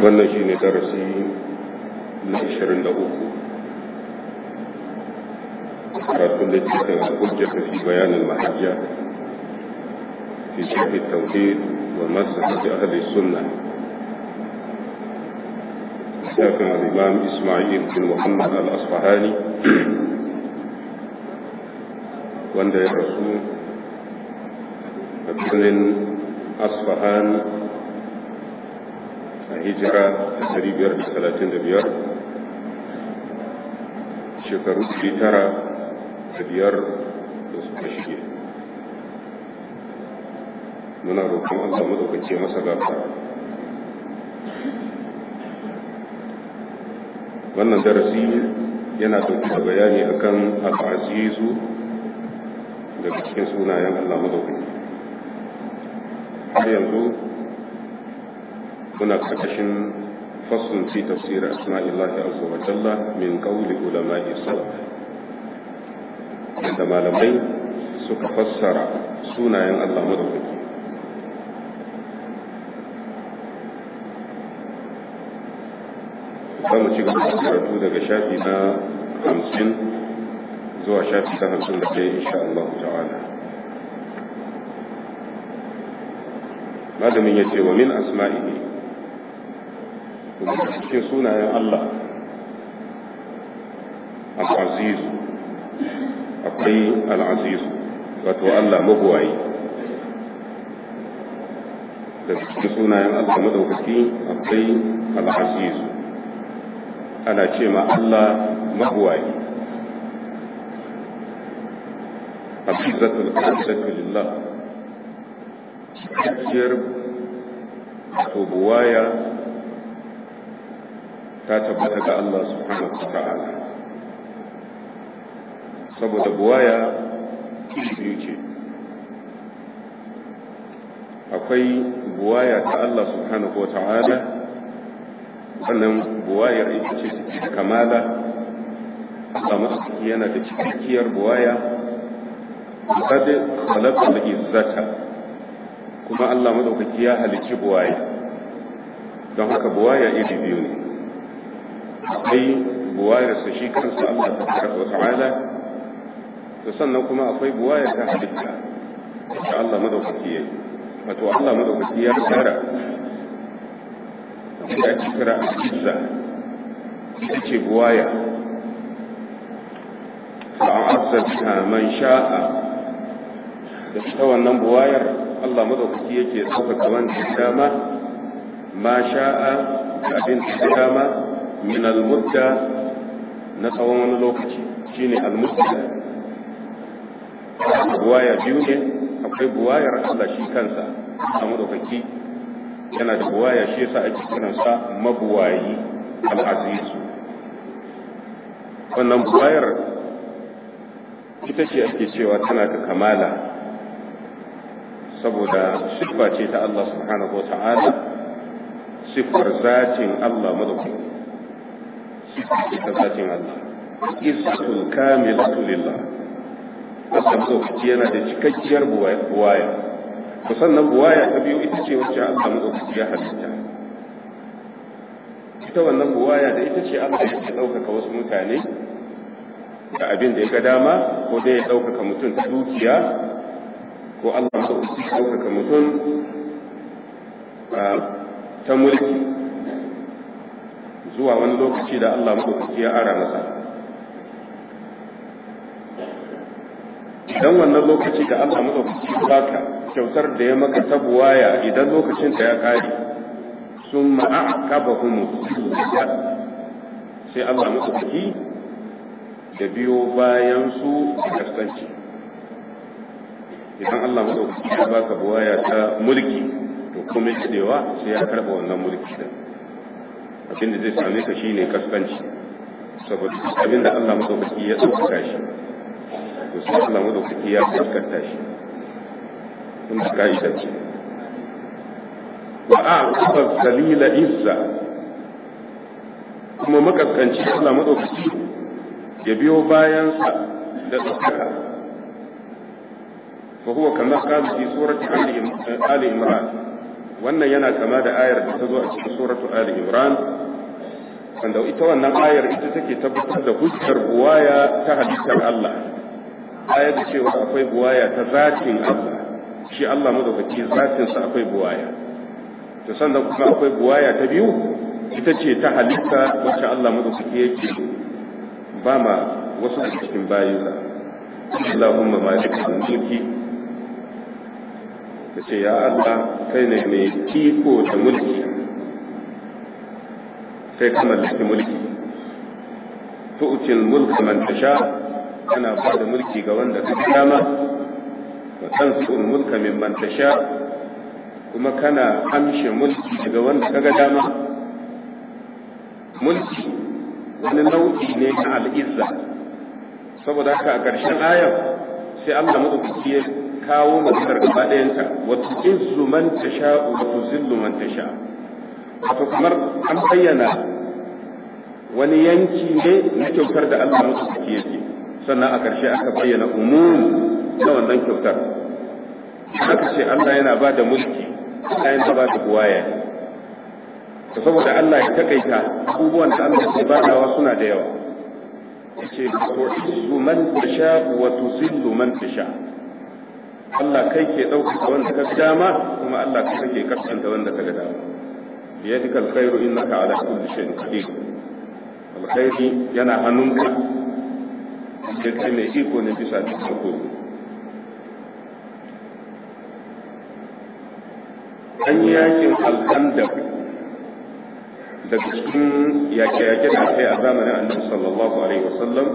wannan shi ne darasi na 23 karatun da cikin hujja ta fi bayanin mahajja fi shafi tauhid wa masu hajji ahli sunna ismail bin muhammad al-asfahani wanda ya rasu a birnin asfahani hijira 535 shekaru 900 da biyar da suka shige muna roƙon allah madaukake masa gafara wannan darasi yana ɗauki da bayani akan al'azizu daga cikin sunayen allah madaukake har yanzu muna ƙarƙashin faslun fi tafsir asma'illahi azza wa jalla min qawli ulama'i salaf da malamai suka fassara sunayen Allah madaukaki za mu ci gaba da karatu daga shafi na hamsin zuwa shafi ta hamsin da ke insha Allah ta'ala malamin ya ce wa min asma'ihi cikin sunayen Allah al azizu akwai al azizu wato Allah mabuwayi da cikin sunayen Allah madaukaki akwai al azizu ana ce ma Allah mabuwayi azizatul azizatul lillah cikakkiyar to buwaya ta tabbata ga Allah subhanahu wa ta'ala saboda buwaya biyu ce akwai buwaya ta Allah subhanahu wa ta'ala sannan buwayar ita ce take kamala Allah masu yana da cikakkiyar buwaya kad khalaqa al-izzata kuma Allah madaukaki ya halicci buwaya don haka buwaya iri biyu ne akwai buwayarsa shi kansa Allah tabaraka wa ta'ala to sannan kuma akwai buwayar ta halitta da Allah madaukaki yayi wato Allah madaukaki ya tsara da ake kira izza ita ce buwaya fa'an azzata man sha'a da ta wannan buwayar Allah madaukaki yake ɗaukaka wanda dama ma sha'a da abin da dama min al na tsawon wani lokaci shine al-mudda buwaya biyu ne akwai buwayar Allah shi kansa a madaukaki yana da buwaya shi yasa ake kiransa mabuwayi al wannan buwayar ita ce ake cewa tana da kamala saboda siffa ce ta Allah subhanahu wa ta'ala siffar zatin Allah madaukaki cikin zatin Allah izzatul kamilatu lillah Allah madaukaki yana da cikakkiyar buwaya musannan buwaya ta biyu ita ce wacce Allah madaukaki ya halitta ita wannan buwaya da ita ce Allah ya ɗaukaka wasu mutane da abin da ya ga dama ko dai ya ɗaukaka mutum ta dukiya ko Allah madaukaki ya ɗaukaka mutum ah, ta mulki zuwa wani lokaci da Allah madaukaki ya ara masa idan wannan lokaci da Allah madaukaki ya baka kyautar da ya maka tabuwaya idan lokacin da ya kare sun mu. sai Allah madaukaki da biyo bayan su da kastanci idan Allah madaukaki ya baka buwaya ta mulki to kuma cewa sai ya karba wannan mulki din abinda zai same ka shine kaskanci saboda abinda Allah madaukaki ya ɗaukaka shi to sai Allah madaukaki ya kaskanta shi kun kuma ka'ida dace wa a'qaba zalila izza kuma makaskanci Allah madaukaki ya biyo bayan sa da ɗaukaka فهو كما قال في سورة آل عمران wannan yana kama da ayar da ta zo a cikin suratu ali imran wanda ita wannan ayar ita take tabbatar da hujjar buwaya ta halittar Allah ayar da cewa akwai buwaya ta zatin Allah shi Allah madaukaki zatin sa akwai buwaya to sannan kuma akwai buwaya ta biyu ita ce ta halitta wacce Allah madaukaki yake ba ma wasu cikin bayinsa Allahumma malikul mulki ta ce ya Allah kai ne mai iko da mulki kai ka da mulki tu'til mulk man tasha kana ba da mulki ga wanda ka dama wa tansul mulka mimman tasha kuma kana amshe mulki daga wanda ka ga dama mulki wani nau'i ne na al'izza saboda haka a ƙarshen ayan sai Allah madaukaki ya kawo maganar gaba ɗayanta wato zuman man sha wato zillu man sha wato kamar an bayyana wani yanki ne na kyautar da Allah musu yake sannan a ƙarshe aka bayyana umum na wannan kyautar aka ce Allah yana ba da mulki Allah yana ba da buwaya to saboda Allah ya takaita abubuwan da Allah ke badawa suna da yawa ce ko izu man sha wato zillu man sha Allah kai ke ɗaukaka wanda ka dama kuma Allah ka kake kaskanta wanda ka ga dama biyadika alkhairu innaka ala kulli shay'in qadir alkhairi yana hannunka da kai mai iko ne bisa dukkan komai an yi yakin alkandar daga cikin yaƙe yake da kai a zamanin annabi sallallahu alaihi wasallam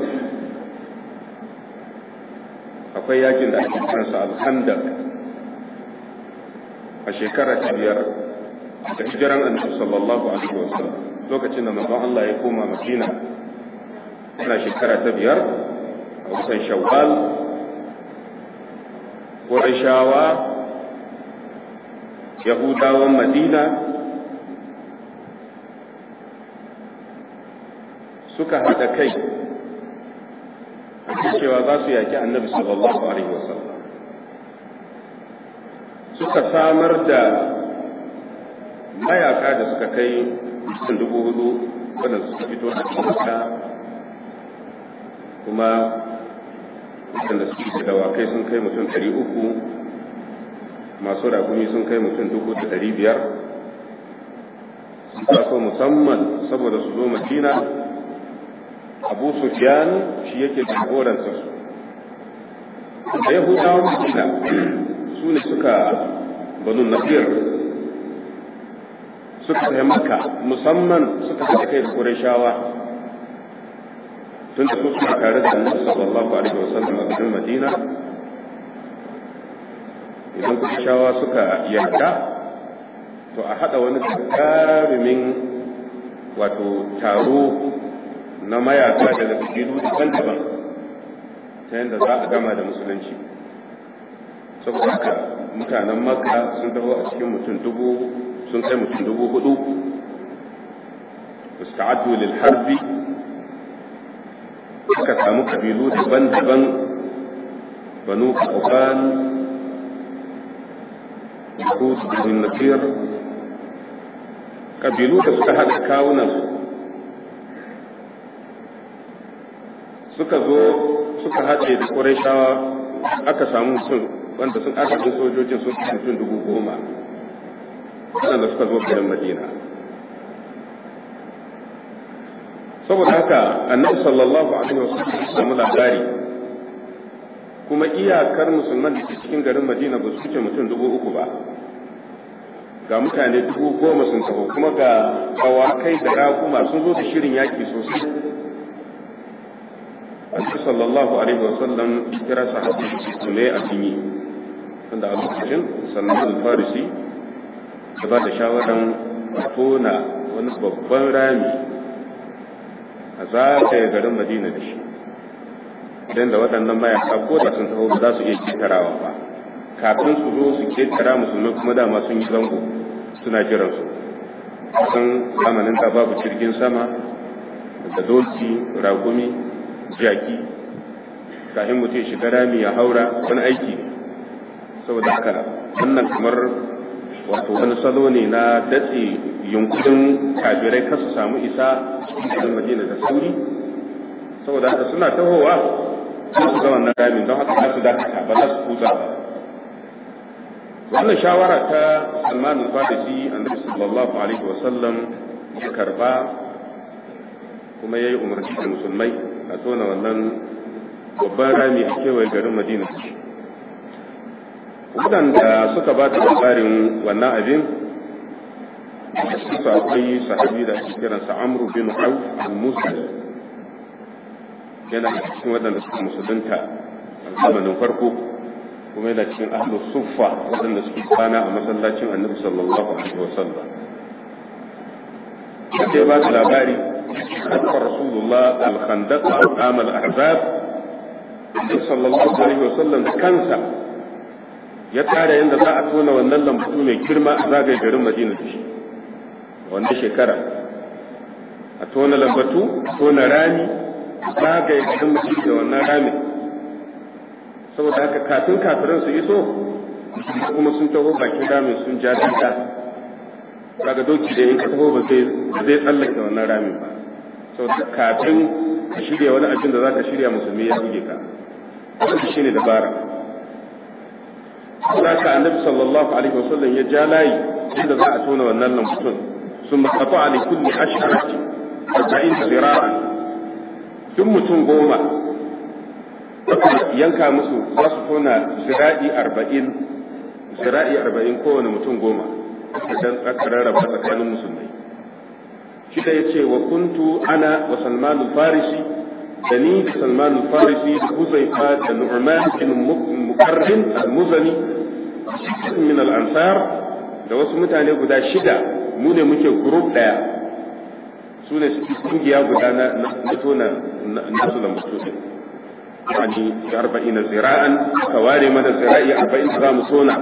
akwai yakin da ake kiransa al-khandaq a shekara ta biyar da hijiran annabi sallallahu alaihi wasallam lokacin da manzon Allah ya koma Madina ana shekara ta biyar a watan Shawwal Qurayshawa Yahudawan Madina suka haɗa kai cewa za su yaki annabi sallallahu alaihi wasallam suka samar da mayaka da suka kai mutum dubu hudu wanda suka fito da kuma kuma waɗanda suke da dawakai sun kai mutum ɗari uku masu rakumi sun kai mutum dubu da ɗari biyar sun taso musamman saboda su zo madina abu sufyan shi yake jagoransa su da yahudawa madina su ne suka banu nafir suka tafi maka musamman suka haɗa kai da tun da su suka tare da annabi sallallahu alaihi wasallam a garin madina idan ƙurashawa suka yarda to a haɗa wani karimin wato taro na mayaka daga kabilu daban-daban ta yadda za a gama da musulunci saboda haka mutanen makka sun taho a cikin mutum dubu sun kai mutum dubu hudu musta'adu lil harbi suka samu kabilu daban-daban banu kauban yahud bin nakir kabilu da suka haɗa kawunan suka zo suka haɗe da ƙuraishawa aka samu mutum wanda sun adadin sojojin sun fi mutum dubu goma waɗanda suka zo garin madina saboda haka annabi sallallahu alaihi wa sallam, ya samu labari kuma iyakar musulman da ke cikin garin madina ba su wuce mutum dubu uku ba ga mutane dubu goma sun taho kuma ga kawakai da raguma sun zo da shirin yaki sosai annabi sallallahu alaihi sallam kira sahabi su a cikin wanda a lokacin salman farisi ya ba da shawaran tona wani babban rami a zagaye garin madina da shi idan da waɗannan mayaka sabo da sun taho ba za su iya ketarawa ba kafin su zo su ketara musulmi kuma dama sun yi zango suna jiran su kusan zamanin da babu jirgin sama da doki ragumi jaki kafin mutum ya shiga rami ya haura wani aiki saboda haka wannan kamar wato wani salo ne na datse yunkurin kafirai kar su samu isa cikin madina da sauri saboda haka suna tahowa sun su zama na rami, don haka za su dakata ba za su kuta ba wannan shawara ta Salman al-Farisi annabi sallallahu alaihi wa sallam, ya karba kuma yayi umarci da musulmai a tona wannan babban rami a kewaye garin madina waɗanda suka ba da labarin wannan abin su akwai sahabi da ake kiransa amru bin auf al-musul yana cikin waɗanda suka musulunta a zamanin farko kuma yana cikin ahlus suffa waɗanda suke kwana a masallacin annabi sallallahu alaihi wasallam sai ba da labari حتى رسول الله الخندق عام الأحزاب صلى الله عليه وسلم كنسا ya tsara yadda za a tona wannan lambatu mai girma a zagaye garin madina da shi a wannan shekara a tona lambatu tona rami zagaye garin madina da wannan ramin saboda haka kafin kafiran su iso kuma sun taho bakin ramin sun ja danta daga doki da yanka ka taho ba zai tsallake wannan ramin ba sau da kafin ka shirya wani abin da za ka shirya musulmi ya buge ka wannan shine dabara za ka annabi sallallahu alaihi wasallam ya ja layi inda za a tona wannan lambutun sun ba makatu a likulli asharati arba'in zira'an duk mutum goma yanka musu za su tona zira'i arba'in zira'i arba'in kowane mutum goma don aka rarraba tsakanin musulmai shida ya ce wa kuntu ana wa salman al-farisi da ni da salman al-farisi da huzaifa da nu'man bin mukarrin al-muzani min al-ansar da wasu mutane guda shida mu ne muke group daya su ne suke kungiya guda na tona nasu da mutu yani arba'ina zira'an ka ware mana zira'i arba'in za mu tona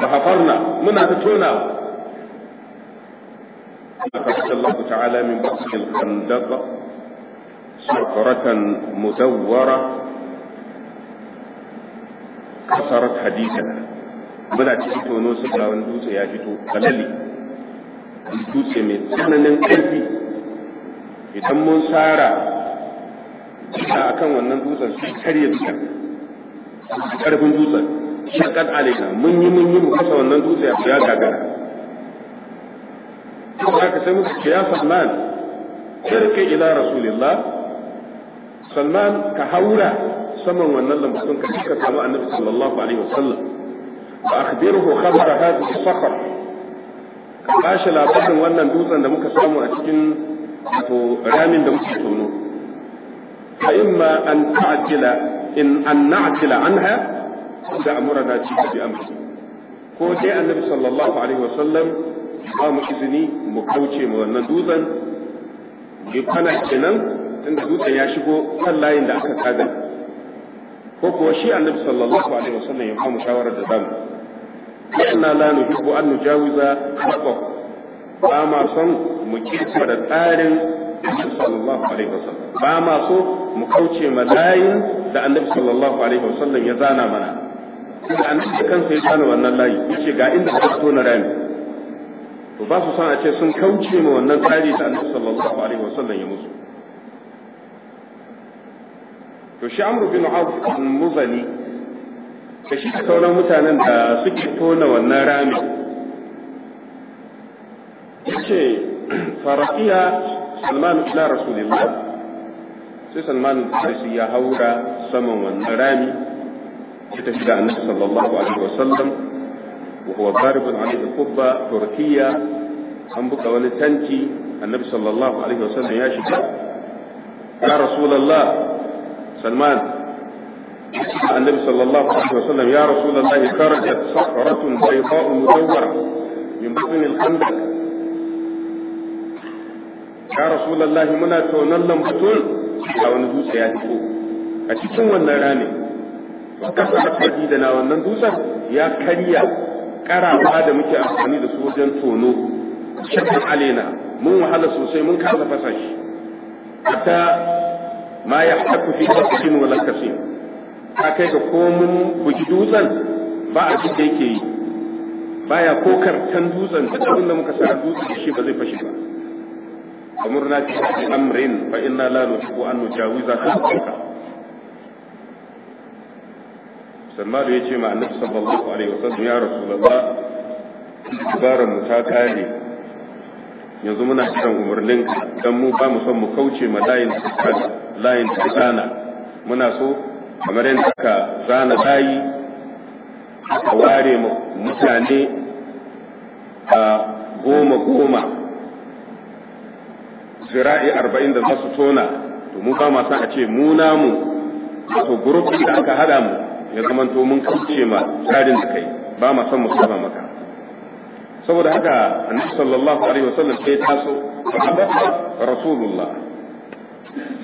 fa hafarna muna ta tonawa أخرج الله تعالى من بطن الخندق صخرة مدورة kasarat hadisana muna cikin tono suka wani dutse ya fito kalali dutse mai tsananin ƙarfi idan mun tsara bisa akan wannan dutsen sai karya bisa ƙarfin dutsen shakkat alaika mun yi mun yi mu kasa wannan dutse ya gagara kuma haka sai muka ce ya salman shirka ila rasulillah salman ka haura saman wannan lambatun ka ka samu annabi sallallahu alaihi wasallam wa akhbirhu khabara hadhihi safar ka bashi labarin wannan dutsen da muka samu a cikin wato ramin da muke tono fa imma an ta'jila in an na'jila anha da amurana ci bi amri ko dai annabi sallallahu alaihi wasallam ba mu izini mu kauce mu wannan dutsen bai kwana kenan inda dutsen ya shigo kan layin da aka kada ko kuwa shi annabi sallallahu alaihi wasallam ya ba mu shawarar da zamu inna la nuhibbu an nujawiza haqqahu ba ma son mu kirkira da tsarin sallallahu alaihi wasallam ba ma so mu kauce ma layin da annabi sallallahu alaihi wasallam ya zana mana da annabi kansa ya zana wannan layi yace ga inda ka so na rami to ba su san a ce sun kauce ma wannan tsari da annabi sallallahu alaihi wasallam ya musu to shi amru bin auf al-muzani da shi sauran mutanen da suke tona wannan rami yace farqiya salman ila rasulillah sai salman sai ya haura saman wannan rami ya tafi da annabi sallallahu alaihi wasallam وهو ضارب عليه القبة تركية an buka wani tanti annabi sallallahu alaihi wasallam ya shiga ya rasulullah salman annabi sallallahu alaihi wasallam ya rasulullah kharajat sahratun bayda'u mudawwara min batn al-khandaq ya rasulullah muna tonan lambatun ga wani dutse ya fito a cikin wannan rami wa kasarat hadidana wannan dutsen ya karya karafa da muke amfani da su wajen tono shakin alena mun wahala sosai mun kasa fasa shi hatta ma ya kufi fi kasirin ta kai ga komun bugi dutsen ba a da yake yi baya ko kartan dutsen da abin da muka sa dutsen shi ba zai fashe ba kamar na ce amrin fa inna la nusibu an nujawiza ta salmanu ya ce ma annabi sallallahu alaihi wasallam ya rasulullah kibaran mu ta kare yanzu muna cikin umarnin dan mu ba mu son mu kauce ma layin layin tsana muna so kamar yadda ka zana layi ka ware mutane a goma goma zira'i arba'in da za su tona to mu ba ma san a ce mu namu wato gurup da aka hada mu ya zamanto mun kauce ma tsarin da kai ba ma son mu saba maka saboda haka annabi sallallahu alaihi wasallam sai taso fa rasulullah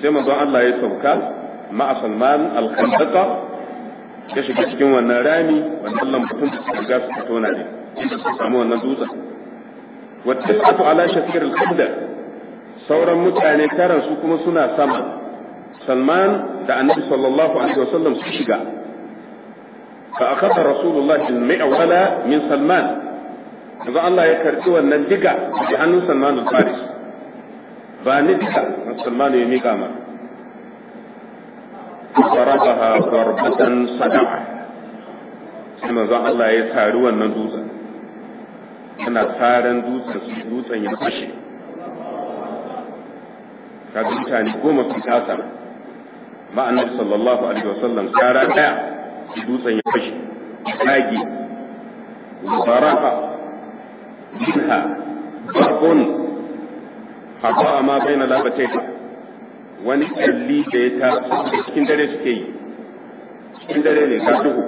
sai manzon Allah ya sauka ma'a Salman al-Khandaqa ya shiga cikin wannan rami wannan lambutun da suka ga suka tona ne su samu wannan dutsen wa tisatu ala shakir al-khandaq sauran mutane taran su kuma suna sama Salman da Annabi sallallahu alaihi wasallam su shiga فأخذ رسول الله المئة ولا من سلمان إذا الله يكرتي والنجدة بأنه سلمان الفارس فنجدة سلمان يميقاما ما ضربة صدعة كما ذا الله يسار والنجوزة أنا سارا دوسا سيدوسا يمشي kaga يقوم في sun kasa ma صلى الله عليه وسلم كارا daya dutsen ya fashe tsagi barafa minha barbun haɗuwa ma bai na labatai wani kalli da ya ta cikin dare suke yi cikin dare ne ta duhu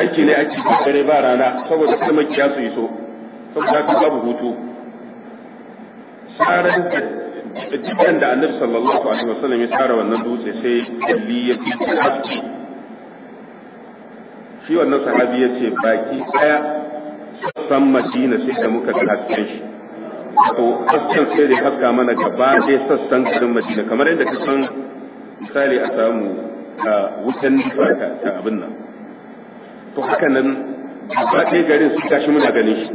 aiki ne aiki cikin dare ba rana saboda kuma kiyasu iso saboda ka babu hutu sarar da dukkan da annabi sallallahu alaihi wasallam ya tsara wannan dutse sai kalli ya fi haske shi wannan sahabi ya ce baki daya san madina sai da muka ga hasken shi to hasken sai da haska mana gaba ɗaya sassan garin madina kamar yadda ka san misali a samu a wutan nufa ta abin nan to haka nan gaba ɗaya garin su tashi muna ganin shi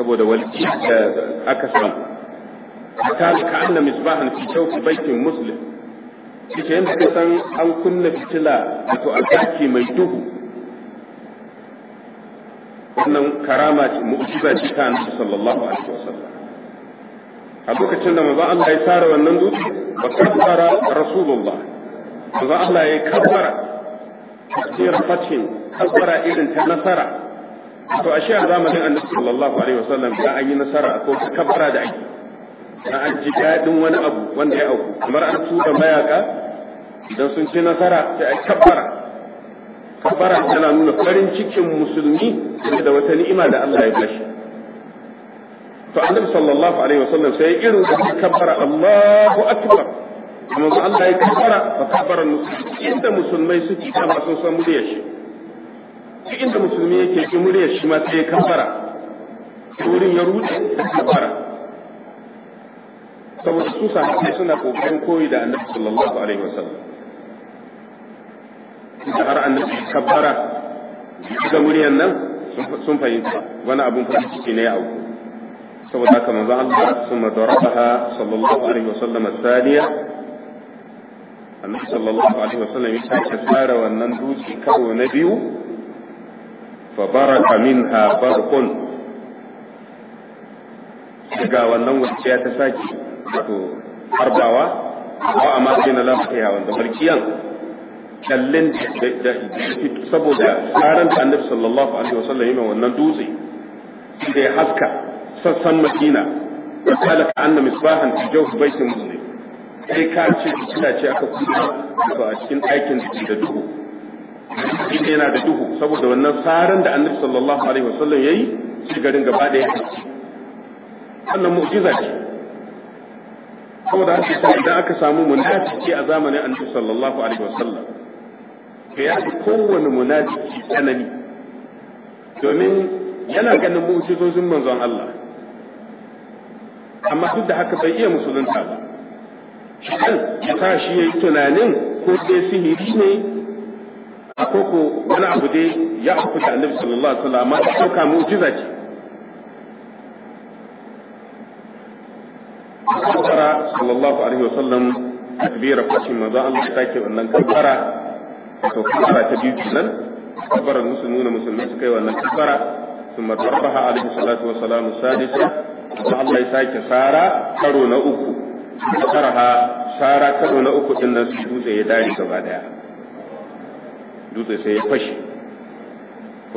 saboda walƙi da aka samu hatta ka anna misbahan fi shawki baitin muslim kike yanda ka san an kunna fitila wato a daki mai duhu wannan karama ce mu'jiza ce ta annabi sallallahu alaihi wasallam a lokacin da manzo Allah ya tsara wannan dutse wa kabbara rasulullah manzo Allah ya kabbara tafsir fatin kabbara irin ta nasara to a shi a zamanin annabi sallallahu alaihi wasallam da an yi nasara ko kabbara da ake na an ji daɗin wani abu wanda ya auku kamar an tura mayaka idan sun ci nasara sai a kabbara kabbara tana nuna farin cikin musulmi da wata ni'ima da Allah ya bashi to annabi sallallahu alaihi wasallam sai irin da kabbara Allahu akbar kuma Allah ya kabbara fa kabbara musulmi inda musulmai suke kama sun san muryar shi duk inda musulmi yake ji muryar shi ma sai ya kabbara wurin ya rude da kabbara saboda su sahabbai suna kokarin koyi da annabi sallallahu alaihi wasallam da har annabi kabbara ga muryan nan sun fahimta wani abun fara ciki ne ya auku saboda haka manzo Allah summa darabaha sallallahu alaihi wasallam thaniya annabi sallallahu alaihi wasallam ya sake tsara wannan dutse karo na biyu fa baraka minha barqun daga wannan wacce ta sake wato harbawa ba a masu yana lafiya wanda da barkiyan kyallin da saboda tsarin da annabi sallallahu alaihi wasallam yana wannan dutse da ya haska sassan madina da kala ka annabi misbahan fi jawf baitin muslim sai ka ce kina ce aka kuma a cikin aikin da duhu inda yana da duhu saboda wannan tsarin da annabi sallallahu alaihi wasallam yayi shi garin gaba da ya wannan mu'jiza ce saboda haka idan aka samu munafiki a zamanin annabi sallallahu alaihi wasallam ya fi kowane munafiki tsanani domin yana ganin mu'jizozin manzon Allah amma duk da haka bai iya musulunta ba shin ya sa shi yayi tunanin ko dai sihiri ne akoko wani abu dai ya afuta annabi sallallahu alaihi wasallam amma ta mu'jiza ce kabbara sallallahu alaihi wasallam takbira fashin manzo Allah ya sake wannan kabbara to kabbara ta biyu kenan kabbarar musulmi na musulmi su kai wannan kabbara ثم wa عليه الصلاة والسلام السادسة الله يساك سارة كرو na uku sarha sara karo na uku din nan su dutse ya dare gaba daya dutse sai ya fashe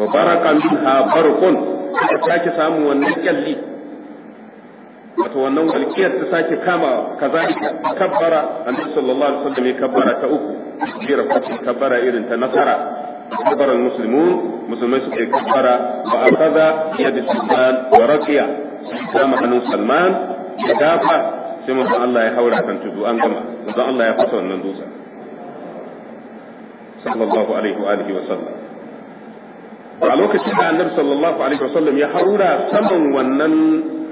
wa baraka minha barqun ta sake samu wannan kyalli wato wannan walƙiyar ta sake kama kazalika kabbara annabi sallallahu alaihi wasallam ya kabbara ta uku jira kwaci kabbara irin ta nasara kabbara muslimun musulmai suke yi kabbara wa akaza yadi sulman wa raqiya kama hannun salman ya dafa sai manzon Allah ya haura kan tudu an gama manzon Allah ya fasa wannan dutse sallallahu alaihi wa alihi wa sallam a lokacin da annabi sallallahu alaihi wa sallam ya haura saman wannan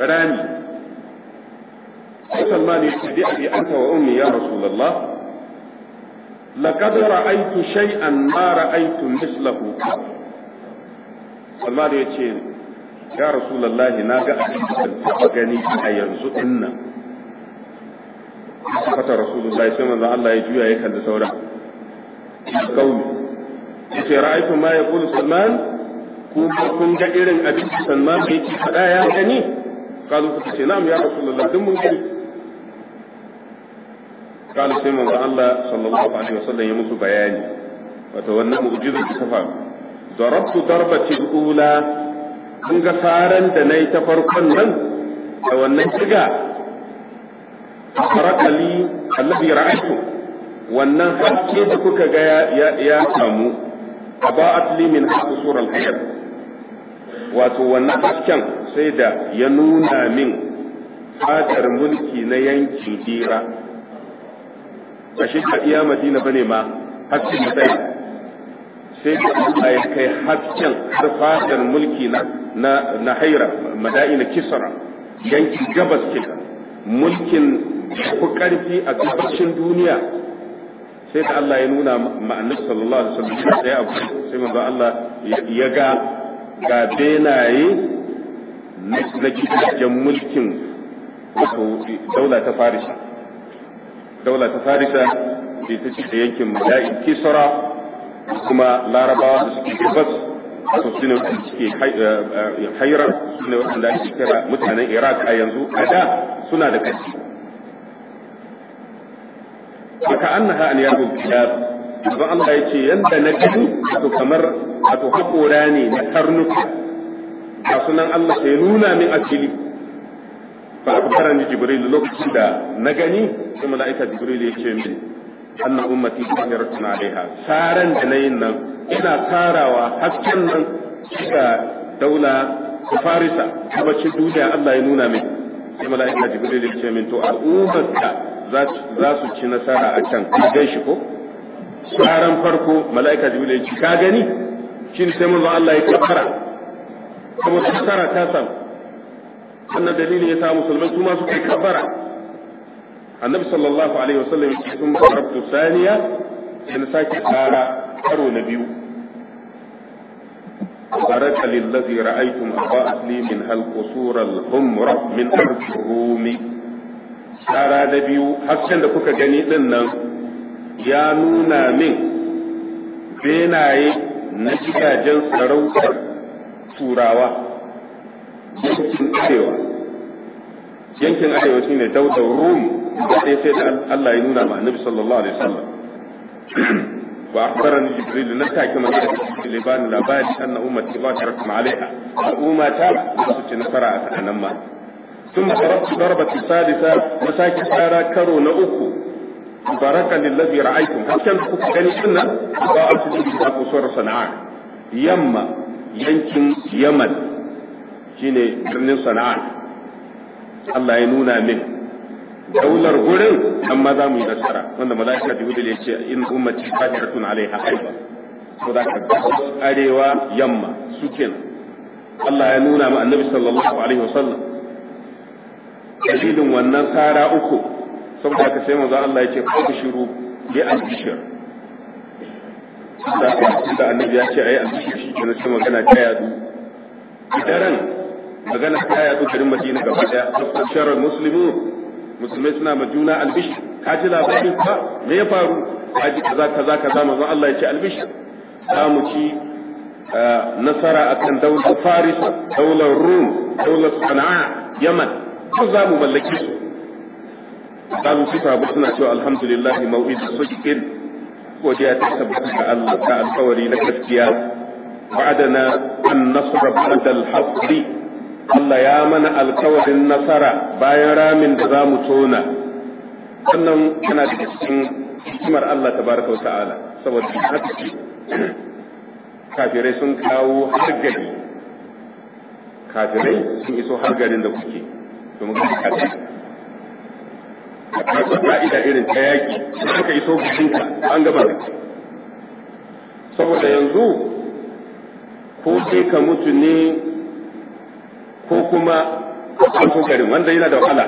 rami Salman ya ce bi abi anta wa ummi ya Rasulullah laqad ra'aytu shay'an ma ra'aytu mislahu Salman ya ce ya Rasulullah na ga abin da gani a yanzu dinnan fata Rasulullah sai manzo Allah ya juya ya kalli sauran kauli yace ra'aytu ma yaqulu Salman kuma kun ga irin abin da Salman yake faɗa ya gani ce ya duk kala sai manzo Allah sallallahu alaihi wasallam ya musu bayani wato wannan mu'jiza ta safa darabtu darbati ula kun ga faran da nayi ta farkon nan da wannan kiga faraka li alladhi ra'aytu wannan hakke da kuka ga ya samu aba'at li min haqqi sural hayat wato wannan hasken sai da ya nuna min fadar mulki na yankin jira ashe ba iya madina bane ma hasken ya sai da Allah ya kai hasken har fadar mulki na na na haira mada'ina kisra yankin gabas kika mulkin ku karfi a gabashin duniya sai da Allah ya nuna ma'anar sallallahu alaihi wasallam sai abu sai manzo Allah ya ga ga benaye na gidajen mulkin wato daula ta farisa دولة ثالثة في تشكيل يمكن مجاي كيسرا كما لاربا سكيبس سنو سكي حيرا سنو سنو سكيرا متحنا إيراك أيانزو أدا سنة دكت وكأنها أن يرغب الكتاب إذا الله يتشي يندى نجد أتكمر أتحقراني نترنك أصنع الله سيلونا من أجلك fa akbarani jibril lokacin da na gani sai mala'ika jibril ya ce min anna ummati qahiratun alaiha saran da nayin nan ina karawa hakkin nan ga daula ku farisa gabacin duniya Allah ya nuna min sai mala'ika jibril ya ce min to al'ummarka za su ci nasara a can ka gan shi ko saran farko mala'ika jibril ya ce ka gani shine sai mun zo Allah ya kafara kuma nasara ta samu wannan dalilin ya sa musulmai su ma suka kabara annabi sallallahu alaihi wasallam ya ce sun barabtu saniya sai na sake tsara karo na biyu baraka lillazi ra'aytum aba'at li min hal qusur al min ard rumi tsara da biyu hasken da kuka gani din ya nuna min benaye na gidajen sarautar turawa yankin arewa yankin arewa shine daular rum da ɗaya sai da Allah ya nuna ma annabi sallallahu alaihi wasallam wa akhbarani jibril na take ma da jibril bani anna ummati ba ta alaiha al'umma su ci nasara a nan ma ثم ضربت ضربة الثالثة مساكي سارة كرو نأكو baraka lillazi aiki, hakan kuka gani sunna ba a da ku sura sana'a yamma yankin yaman shine birnin sana'a Allah ya nuna min daular gurin dan ma za mu yi nasara wanda malaika jibril ya ce in ummati qadiratun alaiha haifa ko da ka arewa yamma su Allah ya nuna ma annabi sallallahu alaihi wasallam dalilin wannan tsara uku saboda haka sai manzo Allah ya ce ku shiru bi al-bishr da annabi ya ce ayi al-bishr shi ne sai magana ta yadu daren magana ta yaɗu garin madina gaba daya tabbatar muslimu musulmai suna ma juna albish ka ji labarin ka me ya faru ka ji kaza kaza kaza manzon Allah ya ce albish za mu ci eh, nasara akan daular faris daular rum daular sana'a yaman ko za mu mallake su kalu su sahabu suna cewa alhamdulillah mau'id sujkin godiya ta tabbata ga Allah ta alkawari na gaskiya ba'adana an nasra ba'da al-hasri Allah ya mana alkawarin nasara bayan ramin da za mu tona wannan yana da cikin hikimar Allah baraka wa ta'ala saboda haka kafirai sun kawo hargari kafirai sun iso hargarin da kuke to mun ga kafirai ka'ida irin ta yaki suka iso gudunka an gaba saboda yanzu ko sai ka mutu ne ko kuma a garin wanda yana da wahala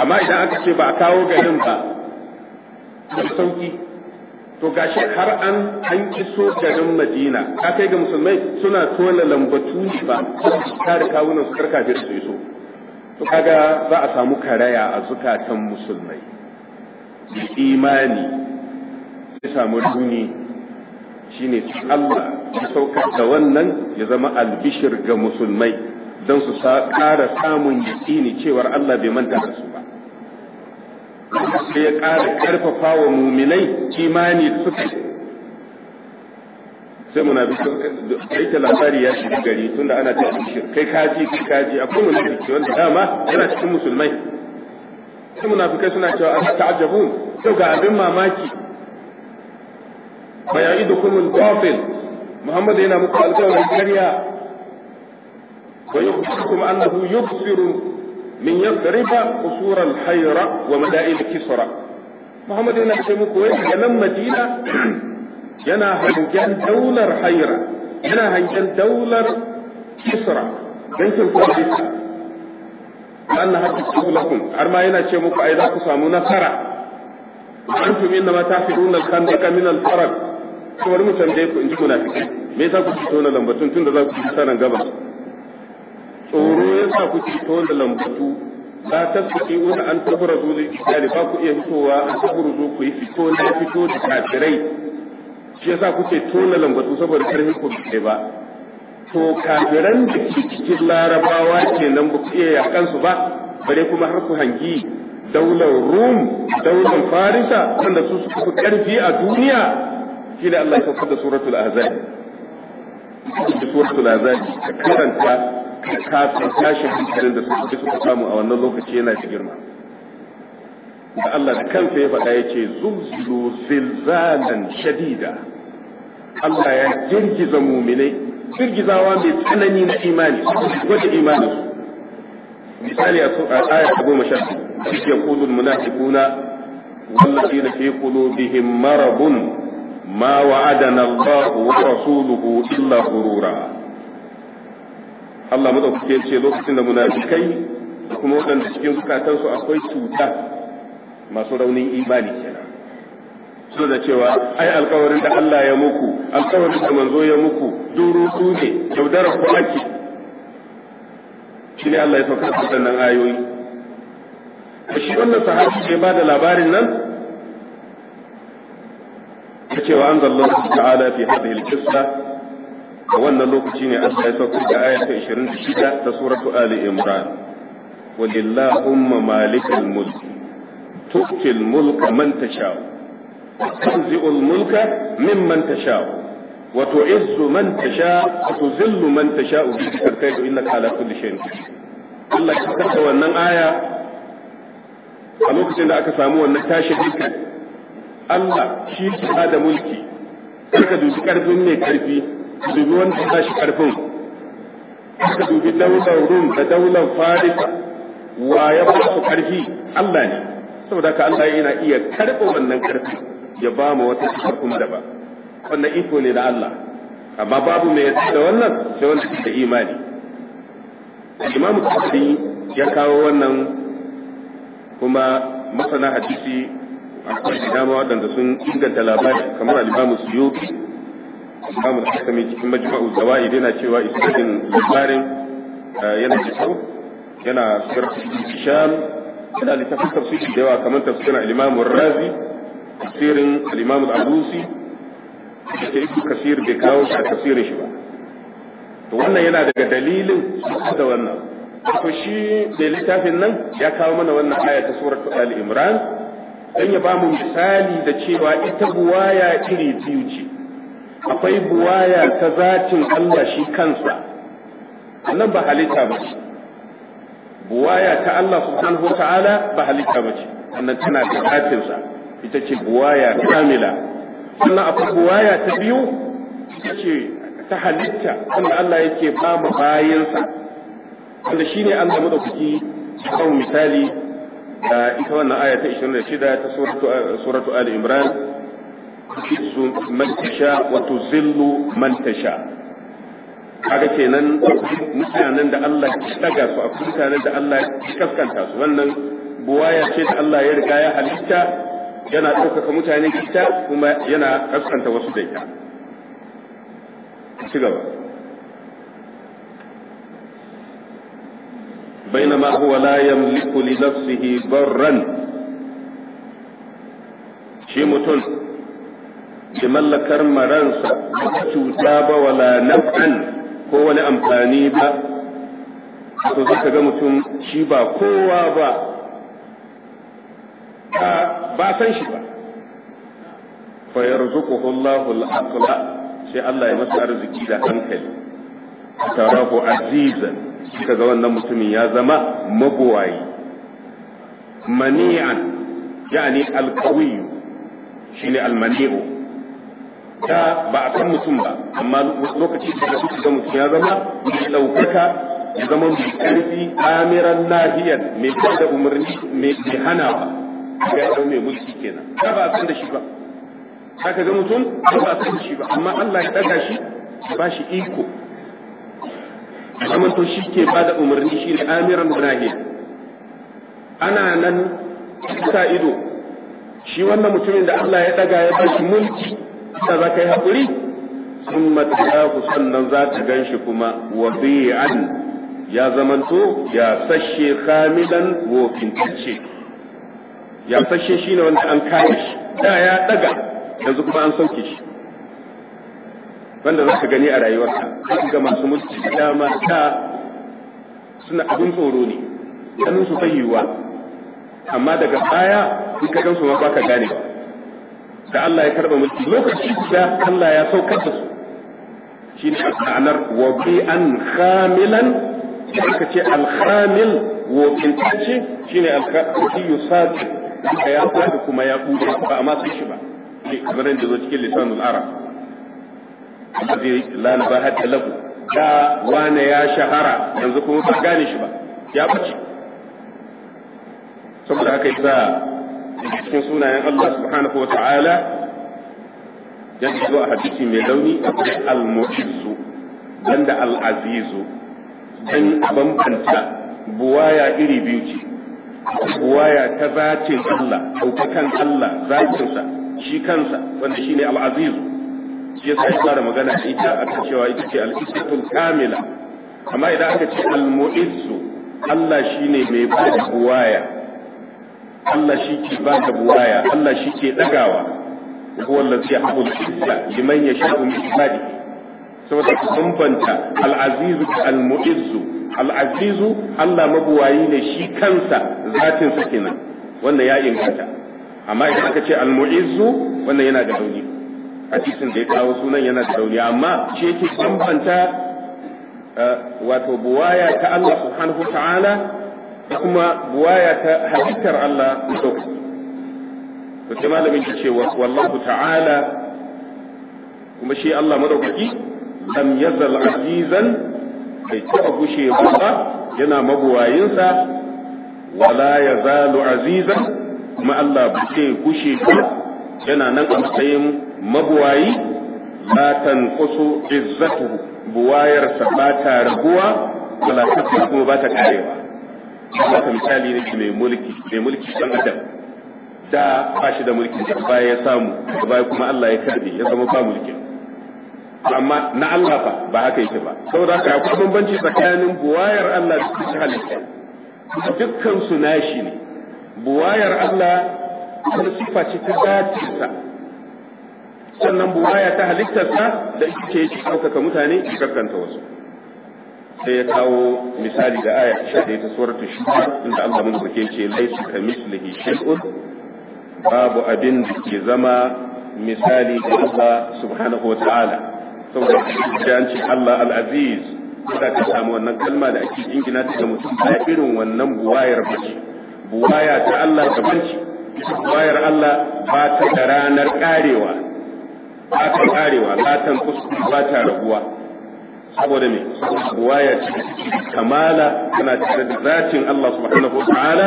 amma idan aka ce ba a kawo garin ba da sauki to gashi har an an kiso garin Madina ka kai ga musulmai suna tona lambatu ne ba ta da kawunan su karka da su iso to kaga za a samu karaya a zukatan musulmai imani sai samu duni shine Allah ya saukar da wannan ya zama albishir ga musulmai don su ƙara samun ne cewar Allah bai manta da su ba sai ya ƙara ƙarfafa wa muminai imani da suka sai muna bi kai ta labari ya shiga gari tunda ana ta shi kai kaji kai kaji da cikin wanda dama yana cikin musulmai sai munafikai suna cewa a ta'ajabun sau ga abin mamaki baya'idukum al-dafil Muhammad yana muku alƙawarin ƙarya ويخبركم أنه يبصر من يضرب قصور الحيرة ومدائن كسرى محمد yana ce muku wai daga Madina yana hangen daular haira yana hangen daular kisra yankin kurdista an yana ce muku ai za ku samu nasara antum inna ma tafidun al kamar mu dai ku in ji munafikai me yasa ku fito na lambatun tunda za ku yi sanan gabas tsoro ya sa ku fito da lambatu ta suke wa an tabrazu lil qitali ba ku iya fitowa an zo ku yi fito na fito da kafirai shi ya sa kuke tona lambatu saboda karfin ku bai ba to kafiran da ke cikin larabawa nan ba ku iya yakan su ba bare kuma har ku hangi daular rum daular farisa wanda su suka fi karfi a duniya ne Allah ya saukar da suratul da suratul ahzab ka karanta kafin tashin hankalin da suka suka samu a wannan lokaci yana da girma da Allah da kansa ya faɗa ya ce zulzulu zilzalan shadida Allah ya girgiza muminai girgizawa mai tsanani na imani wajen imanin misali a aya ta goma sha biyu ya kulun munafiquna wallazina fi qulubihim maradun ma wa'adana Allah wa rasuluhu illa ghurura Allah madaukake ya ce lokacin da munafikai kuma waɗanda cikin zukatansu akwai cuta masu raunin imani kenan so da cewa ai alkawarin da Allah ya muku alkawarin da manzo ya muku durutu ne yaudara ku ake shi ne Allah ya saukar da waɗannan ayoyi shi wannan sahabi ke ba da labarin nan ta cewa an zallo ta'ala fi hadhihi al-qissa a wannan lokaci ne an sai sauki da aya ta 26 ta suratu ali imran walillahumma malikal mulk tu'til mulka man tasha tanzi'ul mulka mimman tasha wa tu'izzu man tasha wa tuzillu man tasha bi karkaito innaka ala kulli shay'in Allah ya karɓa wannan aya a lokacin da aka samu wannan tashi dukkan Allah shi ke da mulki karka dubi karfin mai karfi ka dubi wanda ya ba karfin ka dubi daular rum da daular farisa wa ya ba su karfi Allah ne saboda ka Allah yana iya karɓa wannan karfi ya ba mu wata cikar kuma da ba wannan iko ne da Allah amma babu mai yadda da wannan sai wanda ke da imani imamu kafiri ya kawo wannan kuma masana hadisi akwai dama waɗanda sun inganta labari kamar al su suyuti Imam Al-Hakami cikin Majma'u Zawaid yana cewa isnadin labarin eh, yana da kyau yana sirrin Sham yana littafin tafsiri da yawa kamar tafsirin Al-Imam Razi tafsirin Al-Imam al abusi da Ibn Kasir bai kawo shi a tafsirin shi ba to wannan yana daga dalilin da wannan to shi da littafin nan ya kawo mana wannan aya ta suratul Ali Imran dan ya bamu misali da cewa ita buwaya iri biyu ce akwai buwaya ta zatin Allah shi kansa nan ba halitta ba ce buwaya ta Allah subhanahu wa ta'ala ba halitta ba ce wannan tana da zatinsa ita ce buwaya kamila sannan akwai buwaya ta biyu ita ce ta halitta wanda Allah yake ba mu bayansa wanda shine Allah madaukaki kawo misali da ita wannan aya ta 26 ta suratu suratu Ali Imran تعز من تشاء وتذل من تشاء kaga kenan mutanen da Allah ya daga su akwai mutanen da Allah ya kaskanta su wannan buwaya ce da Allah ya riga ya halitta yana ɗaukaka mutane kita kuma yana kaskanta wasu da ita ci gaba بينما هو لا يملك لنفسه ضرا shi mutum. da mallakar maransa ba cuta ba wala naf'an ko wani amfani ba to zaka ga mutum shi ba kowa ba ba san shi ba fa yarzuquhu Allahu al-aqla sai Allah ya masa arziki da hankali tarahu azizan kika ga wannan mutumin ya zama magwayi mani'an yani al-qawi shine al-mani'u ta ba a san mutum ba amma lokaci da su ga mutum ya zama mai ɗaukaka ya zama mai ƙarfi amiran lahiyar mai ba da umarni mai hanawa ya zama mai mulki kenan ta ba a san da shi ba ka ga mutum ba a san da shi ba amma Allah ya ɗaga shi ba shi iko zaman to shi ke ba da umarni shi ne amiran lahiyar ana nan sa ido shi wannan mutumin da Allah ya ɗaga ya ba shi mulki da za ka yi haƙuri sun ku sannan za ta gan shi kuma wabi'an ya zamanto ya sashe kamilan wofintacce ya sashe shi ne wanda an kare shi da ya daga yanzu kuma an sauke shi wanda za ka gani a rayuwarka za ga masu mulki da dama da suna abin tsoro ne ganin su fayyuwa amma daga baya in ka gan su ma ka gane ba da Allah ya karɓa mulki lokaci guda Allah ya saukar da su shi ne ma'anar an khamilan da aka ce alhamil wofintacce shi ne alkhatiyu sati da ya fadi kuma ya kuɗe ba amma masu shi ba ne kamar da zo cikin lisanul arab zai lalaba hatta lahu da wane ya shahara yanzu kuma ba gane shi ba ya bace saboda haka yasa cikin sunayen Allah subhanahu wata'ala yadda zo a hadisi mai launi akwai al-mu'izzu banda al-azizu dan bambanta buwaya iri biyu ce buwaya ta zatin Allah daukakan Allah zatinsa shi kansa wanda shine al-azizu shi yasa ya fara magana a ita akan cewa ita ce al-izzatul kamila amma idan aka ce al-mu'izzu Allah shi ne mai bada buwaya Allah shi ke ba da buwaya Allah shi ke ɗagawa huwa allazi yahbu al-izza liman yasha'u min ibadihi saboda ku bambanta al-azizu al-mu'izzu al-azizu Allah mabuwayi ne shi kansa zatin sa kenan wannan ya inganta amma idan aka ce al-mu'izzu wannan yana da rauni hadisin da ya kawo sunan yana da rauni amma shi yake bambanta eh, wato buwaya ta Allah subhanahu wa ta'ala da kuma waya ta halittar Allah madaukaki malamin ya ce wallahu ta'ala kuma shi Allah madaukaki lam yazal azizan bai taba gushe ba yana mabuwayinsa wala yazalu azizan kuma Allah ba zai gushe ba yana nan a matsayin mabuwayi la tanqusu izzatuhu buwayarsa ba ta raguwa wala ta kuma ba ta karewa haka misali ne mai mulki mai mulki dan adam da ba shi da mulki da baya ya samu da baya kuma Allah ya karbe ya zama ba mulki amma na Allah fa ba haka yake ba saboda haka akwai bambanci tsakanin buwayar Allah da shi halitta dukkan su nashi ne buwayar Allah wani sifa ce ta zatinsa sannan buwaya ta halittarsa da ita ce yake ɗaukaka mutane ya karkanta wasu sai ya kawo misali da aya sha ɗaya ta suwar shida inda Allah mun kurke ce laisu ka mislihi shay'un babu abin da ke zama misali da Allah subhanahu ta'ala saboda da Allah Al'aziz. aziz kada ka samu wannan kalma da ake jingina ta mutum ba irin wannan buwayar bace buwaya ta Allah ta banci buwayar Allah ba ta da ranar karewa ba ta karewa la tan ba ta raguwa saboda me buwaya ce kamala tana tare da zatin Allah subhanahu wa ta'ala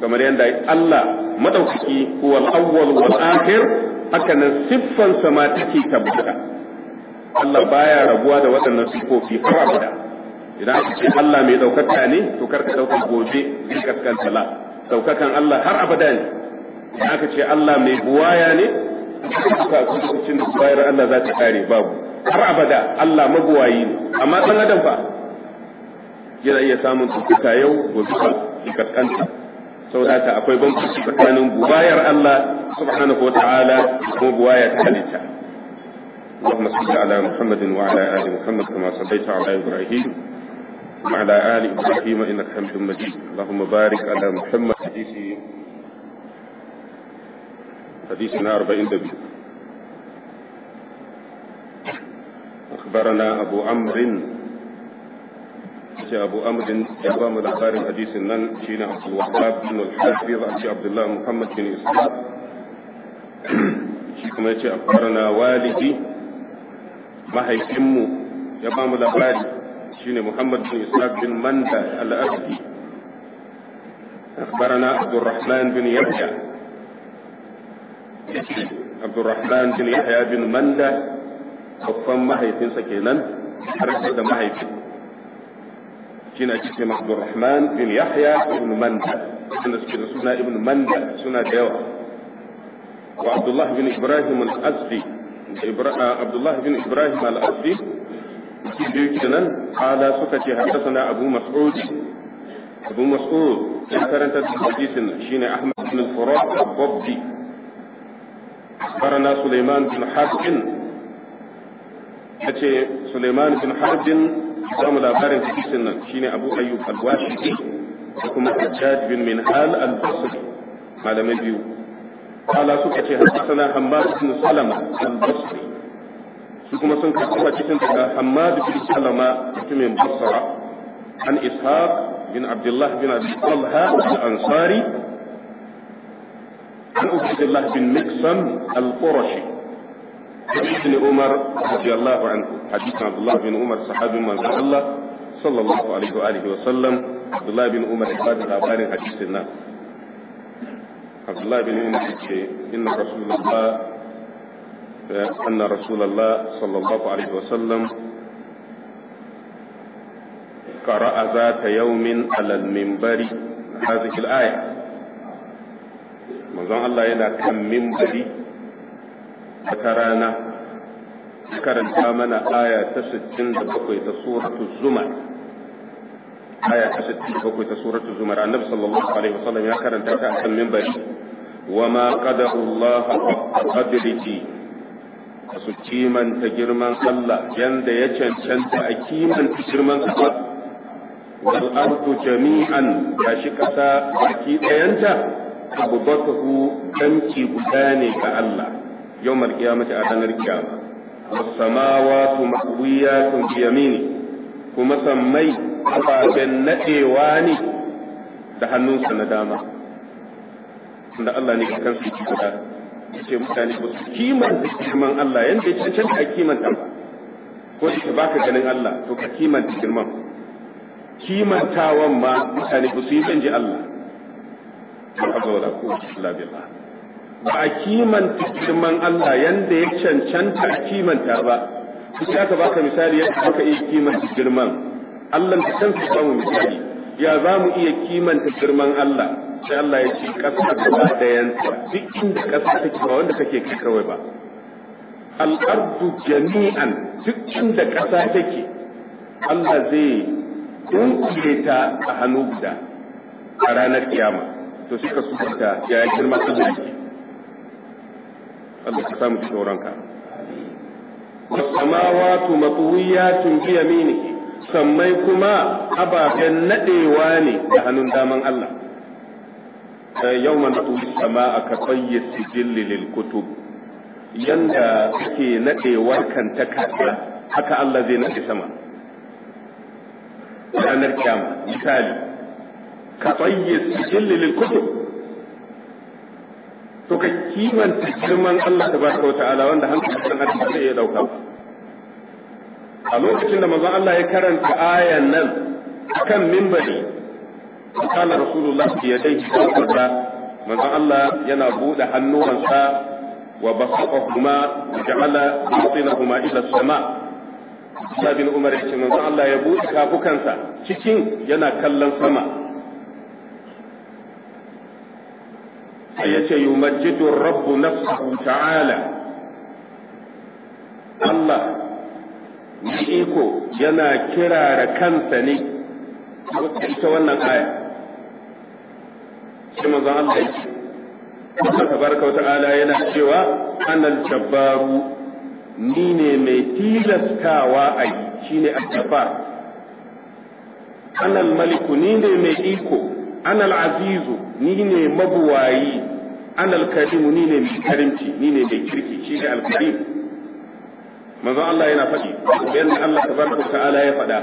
kamar yadda Allah madaukaki huwal awwal wal akhir haka nan siffan sama take tabbata Allah baya rabuwa da waɗannan sifofi har abada idan aka ce Allah mai daukaka ne to karka dauka gobe zai kaskanta la daukakan Allah har abada ne idan aka ce Allah mai buwaya ne ka kusurcin da bayar Allah za ta kare babu har abada Allah magwayi ne amma dan adam fa yana iya samun tsukuta yau gobe ba ya kaskanta saboda ta akwai bambanci tsakanin gubayar Allah subhanahu wata'ala da kuma halitta اللهم صل على محمد وعلى آل محمد كما صليت على إبراهيم وعلى آل إبراهيم إنك حميد مجيد اللهم بارك على محمد حديثي حديثنا أربعين أخبرنا أبو عمرو أبو عمرو إمام الأخبار الحديث النن شينا عبد الوهاب بن الحافظ أشي عبد الله محمد بن إسحاق شيكم يشي أخبرنا والدي ما هي كمو إمام الأخبار شينا محمد بن إسحاق بن مندى الأبدي أخبرنا عبد الرحمن بن يحيى عبد الرحمن بن يحيى بن مندى babban mahaifinsa kenan har da mahaifin shine ake cewa Abdurrahman bin Yahya ibn Manda suna suke da suna ibn Manda suna da yawa wa Abdullah bin Ibrahim al-Azdi Abdullah bin Ibrahim al-Azdi shi biyu kenan ala suka ce haddasa Abu Mas'ud Abu Mas'ud ya karanta da hadisin shine Ahmad bin al-Furat al-Babbi أخبرنا سليمان بن حاتم ce Sulaiman bin Harbin da mu labarin hadisin nan shine Abu Ayyub al-Washiti da kuma Hajjaj bin Minhal al-Basri malamai biyu kala suka ce hadathana Hammad bin Salama al-Basri su kuma sun karɓa cikin daga Hammad bin Salama mutumin Basra an Ishaq bin Abdullah bin Abi Talha al-Ansari عن عبد bin بن al القرشي حديث ابن عمر رضي الله عنه حديث عبد الله بن عمر صحابي من الله صلى الله عليه وآله وسلم عبد الله بن عمر عباد الأبار حديث لنا عبد الله بن عمر إن رسول الله أن رسول الله صلى الله عليه وسلم قرأ ذات يوم على المنبر هذه الآية من الله إلى كم منبري wata rana karanta mana aya ta 67 ta suratul zumar aya ta 67 ta suratul zumar annabi sallallahu alaihi wasallam ya karanta ta a kan minbari wa ma qadarullah qadrihi su kimanta girman Allah yanda ya cancanta a kimanta girman Allah wal ardu jami'an ya shi kasa baki dayanta abu batahu danki guda ne ga Allah yawmal qiyamati a ranar kiyama wasamawatu maqwiyatun bi yamini kuma sammai ababen naɗewa ne da hannunsa na dama tunda Allah ne kan ce mutane ba su kimanta girman Allah yanda ya cancanta a kimanta ba ko da baka ganin Allah to ka kimanta girman kimantawan ma mutane ba su yi banji Allah ba a zaura ko shi labi Allah ba a kimanta girman Allah yadda ya cancanta a kimanta ba duk da ka baka misali yadda aka iya kimanta girman Allah da kansa su mu misali ya za mu iya kimanta girman Allah sai Allah ya ce kasa gaba yanta, duk inda kasa take ba wanda kake kai kawai ba al'ardu jami'an duk inda kasa take Allah zai dunkule ta a hannu guda a ranar kiyama to suka suka ya girma ta Allah ka samu ji tsoronka wasamawatu matwiyatun bi yaminihi sammai kuma ababen nadewa ne da hannun daman Allah eh, yawma natwi samaa ka qayyi sijilli lil kutub yanda nadewar kan ta haka Allah zai naɗe sama ranar kiyama misali kutub to ka kimanta girman Allah da wa ta'ala wanda hankali kan adam zai iya dauka a lokacin da manzon Allah ya karanta ayan nan kan akan a qala rasulullah ya yadayhi qadra manzon Allah yana buɗe hannuwansa wa basaqahuma wa ja'ala batinahuma ila sama Sabin Umar ya ce manzon Allah ya buɗe kafukansa cikin yana kallon sama yace yumajjidu rabbu nafsuhu ta'ala Allah mai iko yana kirara kansa ne ita wannan aya sai manzon Allah yake Allah tabaraka ta'ala yana cewa anal jabbaru ni ne mai tilastawa a yi shine al-jabbar anal maliku ni ne mai iko anal azizu ni ne mabuwayi ana alkarimu ni ne mai karimci ni ne mai kirki shi ne alkarim manzo Allah yana faɗi bayan Allah tabaraka ta'ala ya faɗa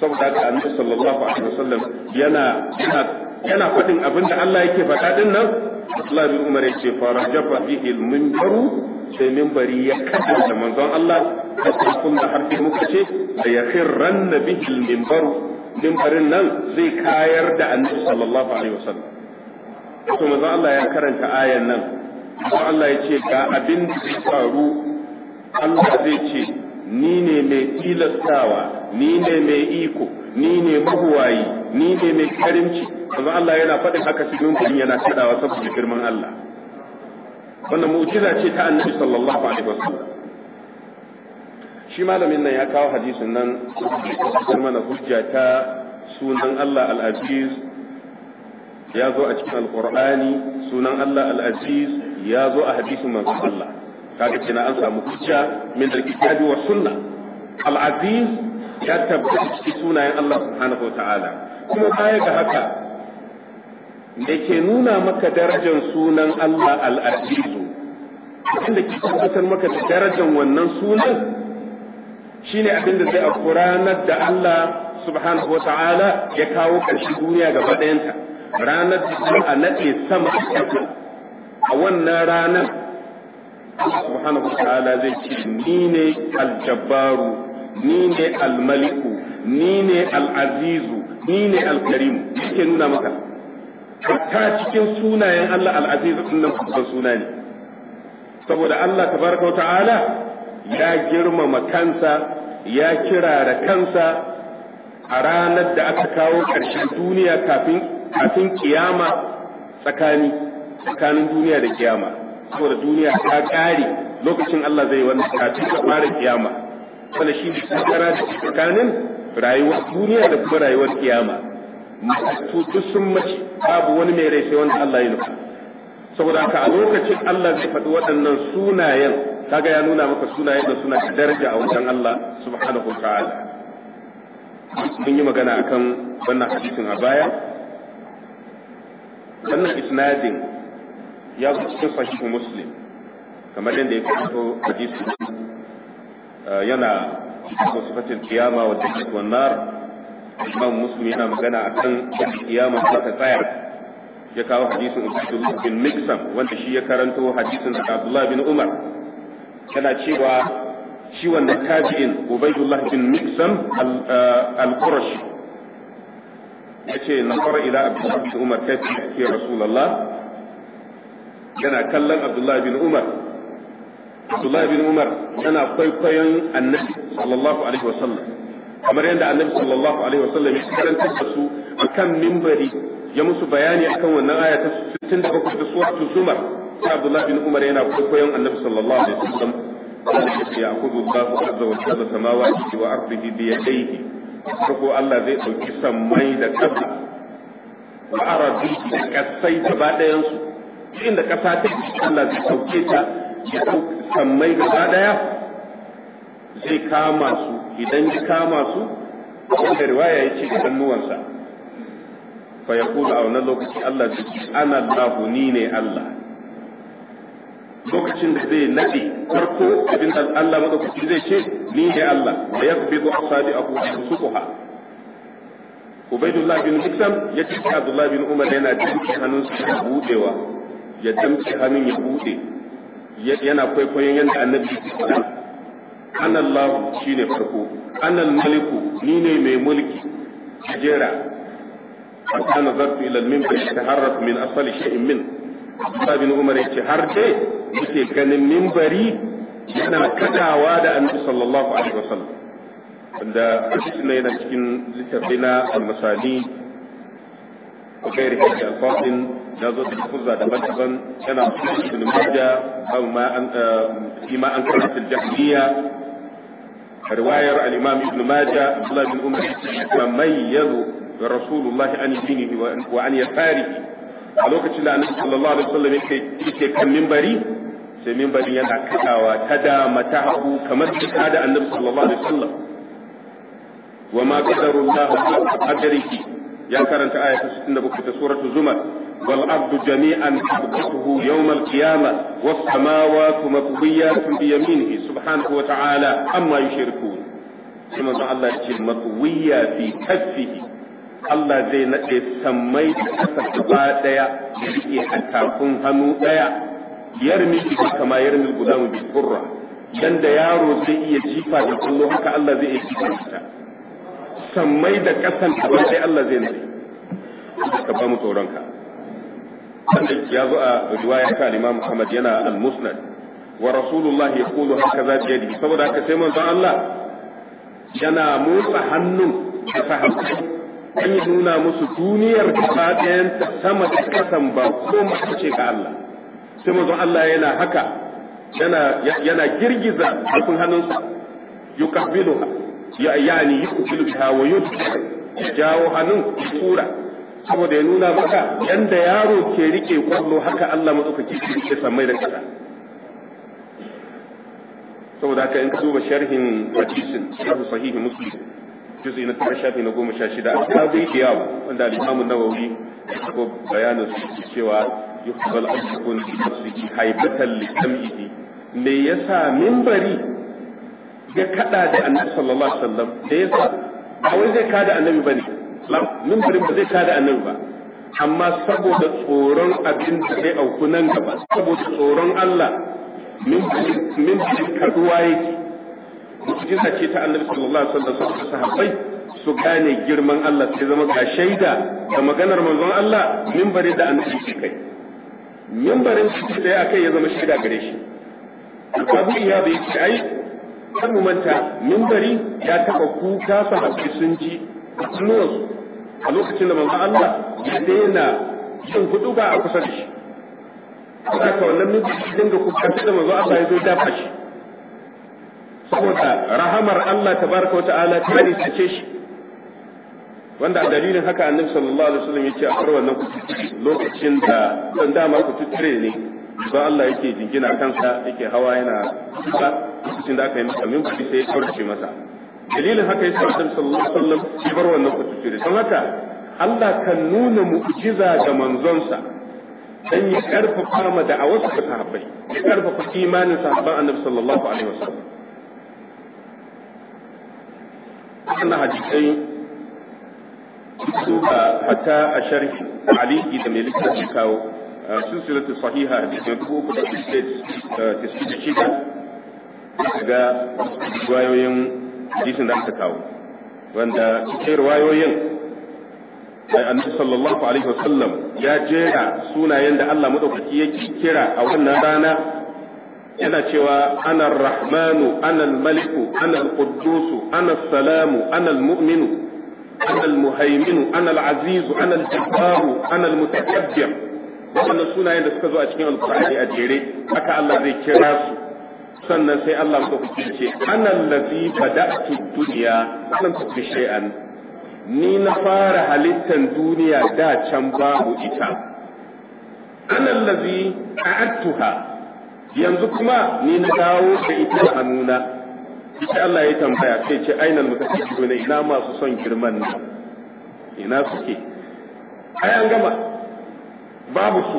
saboda haka annabi sallallahu alaihi wasallam yana yana yana faɗin abin da Allah yake faɗa din nan Allah bin Umar yace farajafa bihi al-munbaru sai minbari ya kada da manzon Allah ta kunna harfi muka ce da yakhirran bihi al-minbaru minbarin nan zai kayar da annabi sallallahu alaihi wasallam to manzo Allah ya karanta ayan nan ko Allah ya ce ga abin da zai faru Allah zai ce ni ne mai tilastawa ni ne mai iko ni ne mahuwayi ni ne mai karimci manzo Allah yana faɗin haka cikin kun yana shadawa saboda girman Allah wannan mu'jiza ce ta Annabi sallallahu alaihi wasallam shi malamin nan ya kawo hadisin nan mana hujja sunan Allah al-Aziz ya zo a cikin alqur'ani sunan Allah al-aziz ya zo a hadisin masu Allah kaga kina an samu hujja min al-kitabi wa sunna al-aziz ya tabbata cikin sunayen Allah subhanahu wa ta'ala kuma baya ga haka da ke nuna maka darajar sunan Allah al-azizu inda ke tabbatar maka da darajar wannan sunan shine abin da zai a ranar da Allah subhanahu wa ta'ala ya kawo ƙarshen duniya gaba ɗayanta. ranar da a naɗe sama a wannan ranar subhanahu wa ta'ala zai ce ni ne aljabaru ni ne almaliku ni ne al'azizu ni ne alkarimu yake nuna maka ta cikin sunayen Allah al'azizu din nan kusan suna ne saboda Allah tabaraka wa ta'ala ya girmama kansa ya kirara kansa a ranar da aka kawo ƙarshen duniya kafin kafin kiyama tsakani tsakanin duniya da kiyama saboda duniya ta kare lokacin Allah zai wannan kafin ta fara kiyama wanda shi tsakara tsakanin rayuwar duniya da kuma rayuwar kiyama mutu duk sun mace babu wani mai rai sai wanda Allah ya nufa saboda haka a lokacin Allah zai faɗi waɗannan sunayen kaga ya nuna maka sunayen da suna daraja a wajen Allah subhanahu wa ta'ala mun yi magana akan wannan hadisin a baya wannan isnadin ya zo cikin sahihu muslim kamar yadda ya fito hadisi eh, yana cikin sifatin kiyama wa dukkan wannan imam muslim yana magana akan kiyama za ta tsayar ya kawo hadisin Abdullah bin Miksam wanda shi ya karanto hadisin Abdullahi bin Umar yana cewa shi wannan tabi'in Ubaydullah bin Miksam eh, al-Qurashi yace nazara ila abdullahi bin umar kai ke rasulullah yana kallon abdullahi bin umar abdullahi bin umar yana kwaikwayon annabi sallallahu alaihi wasallam kamar yadda annabi sallallahu alaihi wasallam ya karanta da su kan mimbari ya musu bayani akan wannan aya ta 67 ta suratul zumar sai abdullahi bin umar yana kwaikwayon annabi sallallahu alaihi wasallam يأخذ الله عز وجل سماواته وأرضه بيديه farko Allah zai ɗauki sammai da ƙasa wa arabi da ƙasai gaba ɗayansu inda ƙasa ta Allah zai ɗauke ta ya sammai gaba ɗaya zai kama su idan ya kama su wanda riwaya ya ce da hannuwansa fa ya kula a wannan lokaci Allah zai ana lahu ni ne Allah lokacin da zai nade farko abin da Allah madaukaki zai ce ni ne Allah wa yaqbidu asabi'ahu wa yusuquha Ubaidullah bin Hikam ya ce Abdullah bin Umar yana dinki hannun su ya budewa ya damce hannun ya bude yana kwaikwayon yadda annabi ya Ana Allah shine farko ana maliku ni ne mai mulki jera fa nazartu ila al-minbar taharraf min asfali shay'in min Abdullah bin Umar ya ce har dai yake ganin mimbari yana kadawa da annabi sallallahu alaihi wasallam wanda hadisi ne yana cikin littafi al-masali ko gairi hadisi al-fatin da zo da kuzza da daban yana cikin majah aw ma an ima an karanta al-jahiliya رواية الإمام ابن ماجه عبد الله بن أمر تميز رسول الله عن دينه وعن يساره a lokacin da annabi sallallahu alaihi wasallam yake yake kan minbari sai mimbarin yana kadawa ta dama ta hagu kamar cika da annabi sallallahu alaihi wasallam wa ma qadarullahu qadarihi ya karanta aya ta 67 ta suratul zumar wal ardu jami'an qabdatuhu yawm al qiyamah was samawati matwiyatun bi yaminihi subhanahu wa ta'ala amma yushrikun sai manzo Allah ya ce matwiya fi kaffihi Allah zai nade sammai da kasa gaba daya da yake hannu daya yarmi kika kama yarmi gudamu bi qurra dan da yaro zai iya jifa da kullu haka Allah zai iya jifa ta sammai da kasan ta sai Allah zai nade ka ba mu tsoron ka sannan ya zo a riwaya ta Imam muhammad yana al-Musnad wa Rasulullahi yaqulu hakaza bi yadihi saboda haka sai manzon Allah yana motsa hannun da sahabbai an yi nuna musu duniyar gaba ɗayan sama da kasan ba ko mace ce ga Allah sai manzon Allah yana haka yana yana girgiza hannun hannunsa yukabbiluha ya yani yukabbilu biha wa jawo hannun tura saboda ya nuna maka yanda yaro ke rike kwallo haka Allah madaukaki ke samai da kasa saboda haka in ka duba sharhin hadisin sharhu sahihi muslim juz'i na tara na goma sha shida a kabi diyaw wanda al-Imam nawawi ya bayanin cewa yuqbal an yakuna fi masjidi haibatan li sam'ihi me yasa minbari ya kada da annabi sallallahu alaihi wasallam da yasa a wai zai kada annabi bane minbarin ba zai kada annabi ba amma saboda tsoron abin da zai auku nan gaba saboda tsoron Allah min bi kaduwa yake mu'jiza ce ta Annabi sallallahu alaihi wasallam da sahabbai su gane girman Allah sai zama ga shaida da maganar manzon Allah min bari da annabi kai mimbarin shi da ya kai ya zama shida gare shi abu ya bai ce ai kan mu manta mimbari ya taba kuka sahabbai sun ji kunnuwansu a lokacin da manzo Allah ya daina yin hudu ba a kusa da shi ka wannan din dinga kuka sai da manzo Allah ya zo dafa shi saboda rahamar Allah tabaraka wa ta'ala ta ce shi wanda a dalilin haka annabi sallallahu alaihi wasallam yake a wannan kututture lokacin da dan dama kututture ne ba Allah yake jingina kansa yake hawa yana ba lokacin da aka yi masa min sai ya kaurace masa dalilin haka yasa annabi sallallahu alaihi wasallam ya bar wannan kututture don haka Allah kan nuna mu'jiza ga manzonsa dan ya karfafa ma da'awarsa ga sahabbai ya karfafa imanin sahabban annabi sallallahu alaihi wasallam wannan hadisai duba hatta a sharhi aliki da mai su kawo sun silsilatu sahiha da dubu uku da ta da shida ga riwayoyin hadisin da aka kawo wanda cikin riwayoyin annabi sallallahu alaihi wa sallam ya jera sunayen da Allah madaukaki ya kira a wannan rana yana cewa ana rahmanu ana maliku ana quddus ana salamu ana muminu ana al-muhaimin ana al-aziz ana al-jabbar ana sunayen da suka zo a cikin alqur'ani a jere haka Allah zai kira su sannan sai Allah madaukaki ce ana allazi bada'tu dunya lam tukfi shay'an ni na fara halittan duniya da can babu ita ana allazi a'attuha yanzu kuma ni na dawo da ita a nuna. sai Allah ya tambaya sai ce ainal mutasaddiqu ne ina masu son girman nan ina suke ai an gama babu su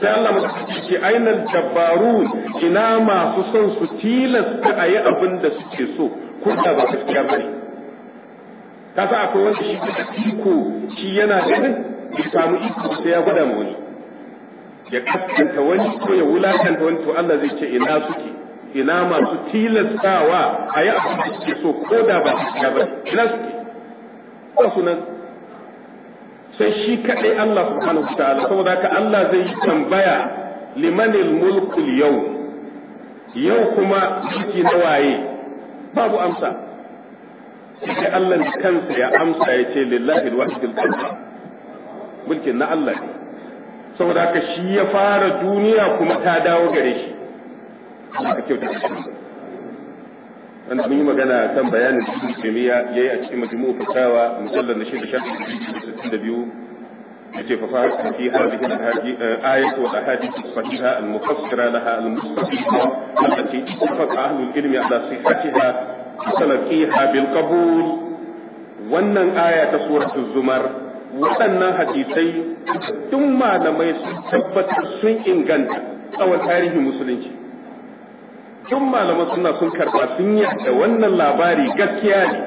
sai Allah mutasaddiqu ce ainihin dabaru ina masu son su tilasta a yi abin da suke so ko da ba gaskiya bari. ka sa akwai wanda shi iko shi yana ganin bai samu iko sai ya gwada mu wani ya kaskanta wani ko ya wulakanta wani to Allah zai ce ina suke ina masu tilastawa a yi abin da suke so ko da ba gaskiya ba ina suke ba su nan sai shi kaɗai Allah subhanahu wa ta'ala saboda haka Allah zai yi tambaya limanil mulkul yau yau kuma mulki na waye babu amsa sai Allah kansa ya amsa ya ce lillahi alwahidil qahhar mulkin na Allah ne saboda haka shi ya fara duniya kuma ta dawo gare shi Allah ka kyauta wanda mun yi magana kan bayanin da Ibn Taymiya yayi a cikin majmu'u fatawa mujallal na shida shafi 62 yace fa fa fi hadhihi al-hadi ayat wa ahadith sahiha al-mufassira laha al-mustafida allati ittafaqa ahlu al-ilm ala sihhatiha talaqiha bil qabul wannan aya ta suratul zumar waɗannan hadisai duk malamai sun tabbatar sun inganta tsawon tarihin musulunci duk malaman suna sun karɓa sun yadda wannan labari gaskiya ne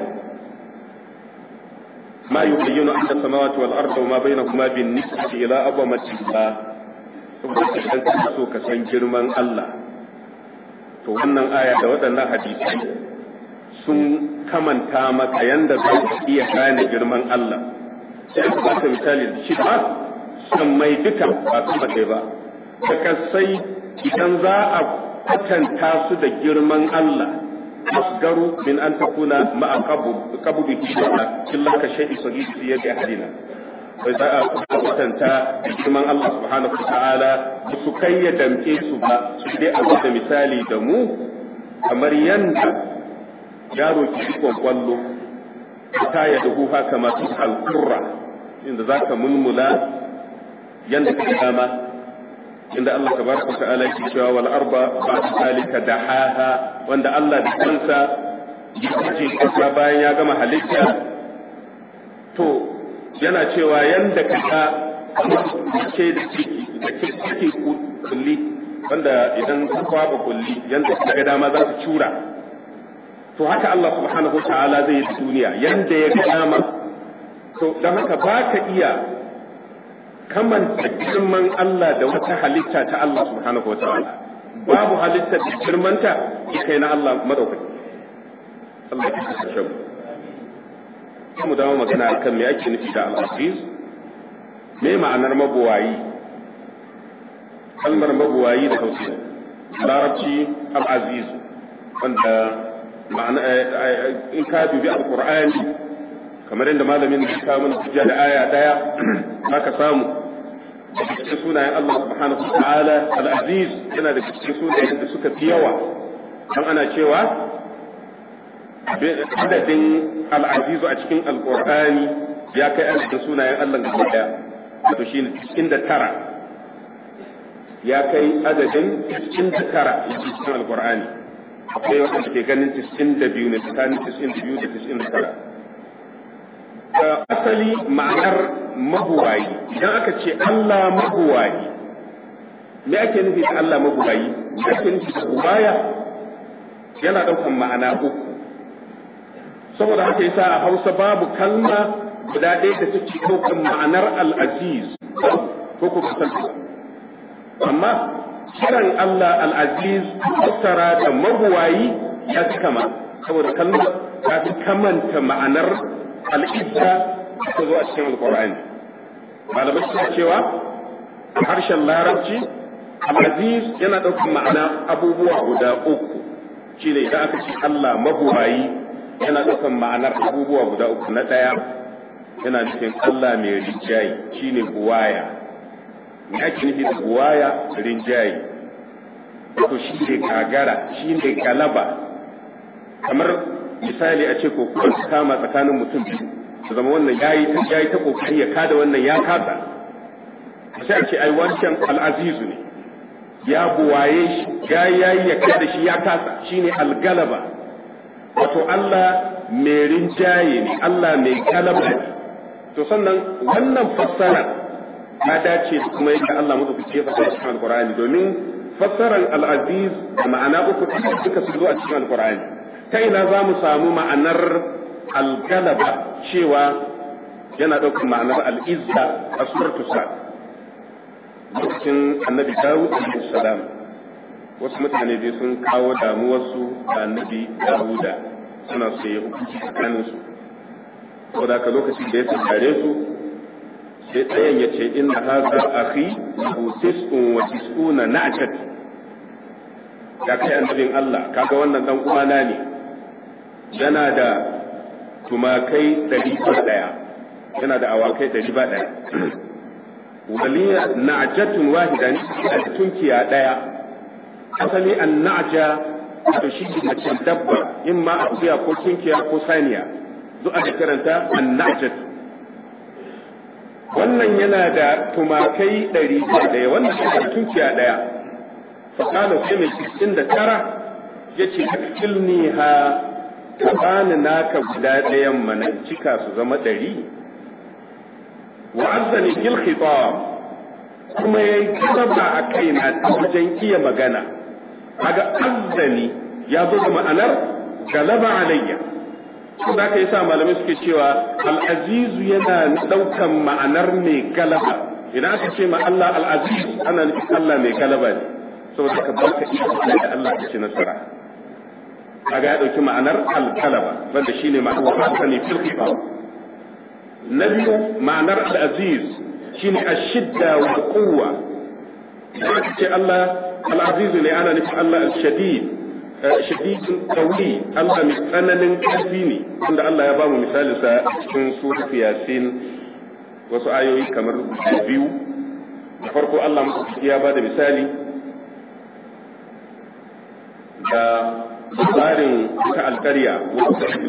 ma yubayyinu anna samawati wal arda wa ma kuma bin nisbati ila abamati Allah saboda kan kana so ka san girman Allah to wannan aya da waɗannan hadisi sun kamanta maka yanda za ka iya gane girman Allah sai ka ba misali shi ba san mai duka ba su ba da sai idan za a kwatanta su da girman Allah asgaru min an takuna ma ma'a kabu bi illa ka shay'in sadid fi yadi hadina. sai za a kwatanta da girman Allah subhanahu wa ta'ala su kai ya damke su ba su dai a da misali da mu kamar yanda yaro ki kwallo ta ya dahu haka masu alkurra inda za ka mulmula yanda ka dama inda Allah tabaraka ta'ala yake cewa wal arba ba ta da haha, wanda Allah da kansa yake kasa bayan ya gama halitta to yana cewa yanda kaga ce da ciki da ciki kulli wanda idan ka kwaba kulli yanda kaga dama za ta cura to haka Allah subhanahu wa ta'ala zai yi duniya yanda ya ga dama to dan haka ba ka iya kamanta girman Allah da wata halitta ta Allah subhanahu wa ta'ala babu halitta da girmanta ya kai na Allah madaukaki Allah ya kashe mu sai mu dawo magana akan me ake nufi da al-aziz me ma'anar mabuwayi kalmar mabuwayi da Hausa larabci al-aziz wanda ma'ana eh, eh, in ka dubi al-qur'ani kamar yadda malamin da ka mun hujja da aya daya zaka samu cikin sunayen Allah subhanahu wa ta'ala al-aziz yana da cikin sunayen da suka fi yawa dan ana cewa adadin al-azizu a cikin al-qur'ani ya kai adadin sunayen Allah gaba daya wato shine tara. ya kai adadin cikin da tara a cikin al alkur'ani akwai wanda ke ganin cikin da biyu, ne tsakanin cikin da biyu, da da cikin tara. da asali ma'anar mabuwayi idan aka ce Allah mabuwayi me ake nufi da Allah mabuwayi me ake nufi da ubaya yana daukan ma'ana uku saboda haka yasa a Hausa babu kalma guda ɗaya da take daukan ma'anar al-aziz ko ku kasance amma kiran Allah al-aziz fassara da mabuwayi ya kama saboda kalma ta kamanta ma'anar al'izza ta zo a cikin alqur'ani malamai suna cewa harshen larabci al yana ɗaukar ma'ana abubuwa guda uku ne idan aka ce Allah mabuwayi yana ɗaukar ma'anar abubuwa guda uku na ɗaya yana nufin Allah mai rinjaye ne buwaya me ake nufi da buwaya rinjaye wato shi ne gagara shi ne galaba kamar misali a ce ko kuma kama tsakanin mutum da zama wannan ya yi ta kokari ya kada wannan ya kasa sai a ce ai wancan al'azizu ne ya buwaye shi yayi yayi ya kada shi ya kasa shi shine algalaba wato Allah mai rinjaye ne Allah mai galaba ne to sannan wannan fassara ya dace da kuma yadda Allah madaukake ya a cikin alqur'ani domin fassaran al'aziz da ma'ana uku duka su zo a cikin alqur'ani ta ina za mu samu ma'anar algalaba cewa yana ɗaukar ma'anar al'izza a suratu sa lokacin annabi dawud alaihi salam wasu mutane dai sun kawo damuwarsu da annabi dawuda suna so ya hukunci tsakaninsu saboda ka lokacin da ya tare su sai ɗayan ya ce inna haza akhi lahu tis'un wa tis'una na'jat ya kai annabin Allah kaga wannan dan uwana ne yana da tumakai ɗari ba ɗaya yana da awakai ɗari ba ɗaya waliya na'jatun wahida a da tunkiya ɗaya asali an na'ja wato shi ne mace dabba in ma akuya ko tunkiya ko saniya zuwa da karanta an na'jatun wannan yana da tumakai ɗari ɗaya wannan yana da tunkiya ɗaya fakala sai mai cikin da tara ya ce ilni ha ka bani naka guda ɗayan mana cika su zama ɗari Wa'azani azzani kuma khitab kuma yayi ba a kai na iya magana ga azzani ya zo da ma'anar galaba alayya ko da kai sa malamai suke cewa Al'azizu yana daukan ma'anar mai galaba idan aka ce ma Allah al ana nufin Allah mai galaba ne saboda ka baka iya da Allah ya ci nasara kaga ya ɗauki ma'anar al-kalaba wanda shine ma'anar hasani fil khitab na biyu ma'anar alaziz aziz shine ashidda wa quwwa idan ce Allah al'azizu ne ana nufin Allah al-shadid eh, shadidun qawi Allah mai tsananin ƙarfi ne wanda Allah ya ba mu misalin sa cikin surat yasin wasu ayoyi kamar biyu da farko Allah ya ba da misali da labarin wata alkarya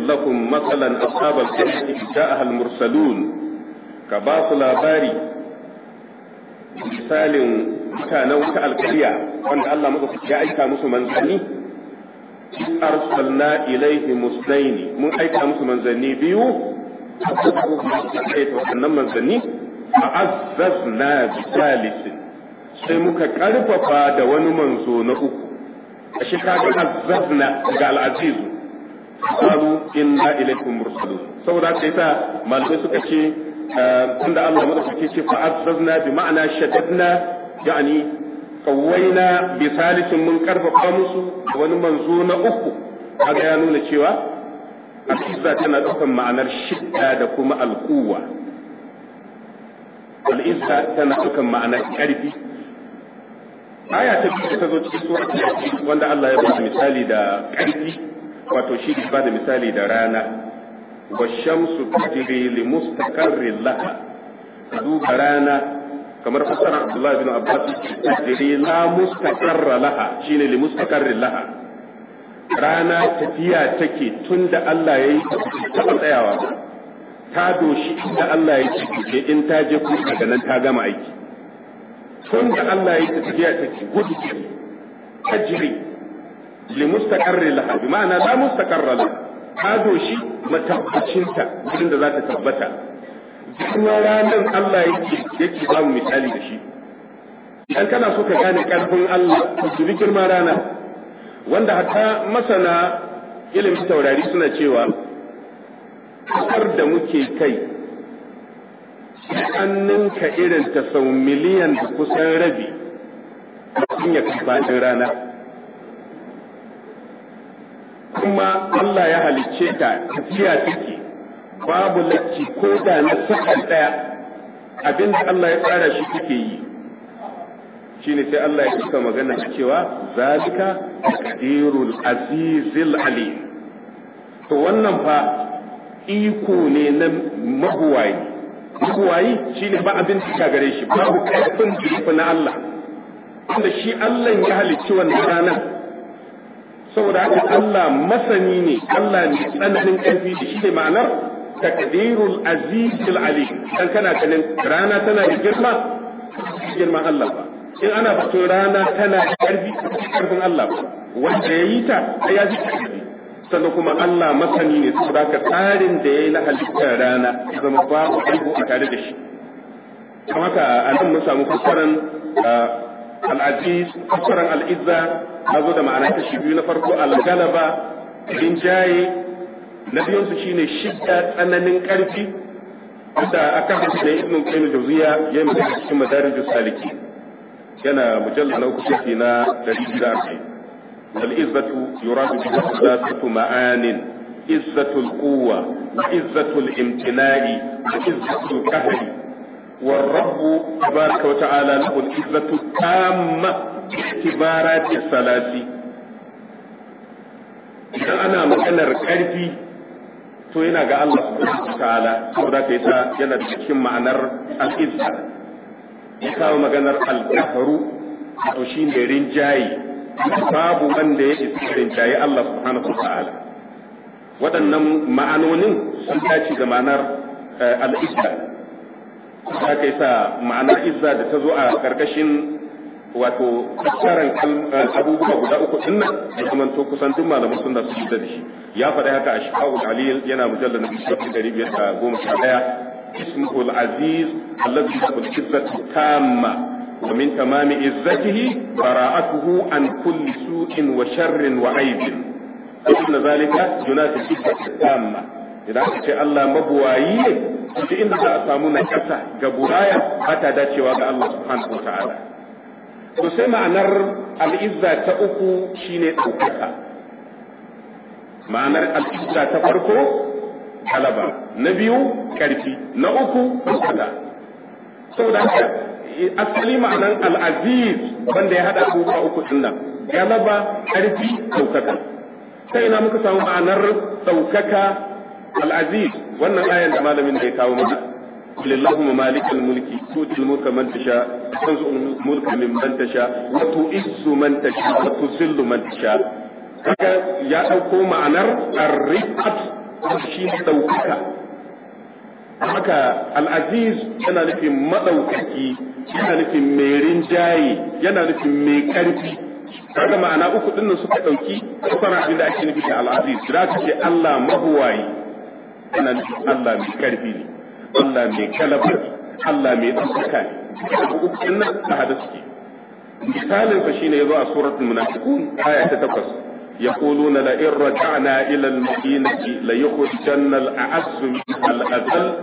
lakum matsalan ashabal da ja'ahal mursalun ka ba su labari misalin mutanen wata alkarya wanda Allah maka ya aika musu manzanni arsalna ilaihi musnaini mun aika musu manzanni biyu wannan manzanni fa'azzazna bi sai muka karfafa da wani manzo na uku ashe ka ga alazizu daga al'aziz qalu inna ilaykum mursalun saboda haka yasa malamai suka ce eh, tunda Allah madaukake ce fa azzazna bi ma'ana shaddadna yani kawaina bi salisin mun karfafa musu wani manzo na uku kaga ya nuna cewa al'izza tana daukan ma'anar shidda da kuma alquwa al'izza tana daukan ma'anar karfi aya ta biyu ta zo cikin sura wanda Allah ya bada misali da ƙarfi wato shi ba da misali da rana wa shamsu tajri li mustaqarrin laha duba rana kamar fasara Abdullah bin Abbas tajri la mustaqarra laha shine li mustaqarrin laha rana tafiya take tunda Allah yayi ta tsayawa ta doshi inda Allah ya ce in ta je ku daga nan ta gama aiki tun da Allah ya tafiya ta ci gudu ce tajri li mustaqarri laha bi ma'ana la mustaqarra laha ta doshi matabbacinta gudun da za ta tabbata kuma ranar Allah yake yake ba mu misali da shi idan kana so ka gane karfin Allah ku rana wanda hatta masana ilimin taurari suna cewa kasar da muke kai an irin ta sau miliyan da kusan rabi mutum ya kai rana kuma Allah ya halicce ta tafiya take babu lacci ko da na sakan ɗaya abinda Allah ya tsara shi take yi shine sai Allah ya cika magana cewa zalika qadirul azizil alim to wannan fa iko ne na mabuwayi makuwayi shine ba abin da gare shi babu karfin da na Allah wanda shi Allah ya halicci wannan ranar saboda haka Allah masani ne Allah ne tsananin karfi da shi ne ma'anar takdirul azizul alim dan kana ganin rana tana da girma girma Allah ba in ana batun rana tana da karfi Allah ba wanda yayi ta ya ji ƙarfi. sannan kuma Allah masani ne saboda ka tsarin da ya yi na halittar rana zama babu aibu a tare da shi kamar haka a nan mun samu fassaran ah, al'aziz fassaran al'izza na zo da ma'ana shi biyu na farko al-galaba rinjaye na biyunsu shine shidda tsananin karfi wanda aka haka ne ibn qayyim jawziya ya yi cikin madarijus saliki yana mujallal na uku na 140 فالإزة يراد بها ثلاثة معان إزة القوة وإزة الامتناع وإزة القهر والرب تبارك وتعالى له الإزة التامة باعتبارات الثلاثي إذا أنا مكان ركالتي to yana ga Allah subhanahu wataala saboda ka yasa yana da cikin ma'anar al-izza ya kawo maganar babu wanda ya isa rinjaye Allah subhanahu wa ta'ala waɗannan ma'anonin sun dace da ma'anar eh, al'izza ta kai sa ma'anar izza da ta zo a ƙarƙashin wato tsaron eh, abubuwa guda uku din nan ya zamanto kusan duk malaman sunna su da shi ya faɗa haka a shafa'ul alil yana mujallar na bishiyar ɗari biyar da goma sha ɗaya ismuhul aziz allazi yaqul izzatu tamma wa min tamami izzatihi bara'atuhu an kulli su'in wa sharrin wa aibin inna zalika junafi sifatin tamma idan aka Allah mabuwayi ne inda za a samu na kasa ga buraya ba dacewa ga Allah subhanahu wataala sai ma'anar al'izza ta uku ɗaukaka ma'anar ta farko galaba na biyu karfi na uku asali ma'anan al'aziz wanda ya haɗa abubuwa uku din nan galaba karfi daukaka sai na muka samu ma'anar daukaka al'aziz wannan ayan da malamin da ya kawo mana lillahumma malikal mulki tutil mulka man tasha tanzu mulka min mimman tasha wa tu'izzu man tasha wa tuzillu man tasha kaga ya dauko ma'anar ar-riqat shi daukaka haka al'aziz yana nufin maɗaukaki yana nufin mai rinjaye yana nufin mai ƙarfi kaga ma'ana uku nan suka ɗauki kusan abin da ake nufi da al'aziz za ta ce Allah mabuwayi yana nufin Allah mai ƙarfi ne Allah mai kalabar Allah mai ɗaukaka ne uku dinnan a hada suke misalin fa shine yazo a suratul munafiqun aya ta 8 يقولون لئن رجعنا إلى المدينة ليخرجن الأعز منها الأذل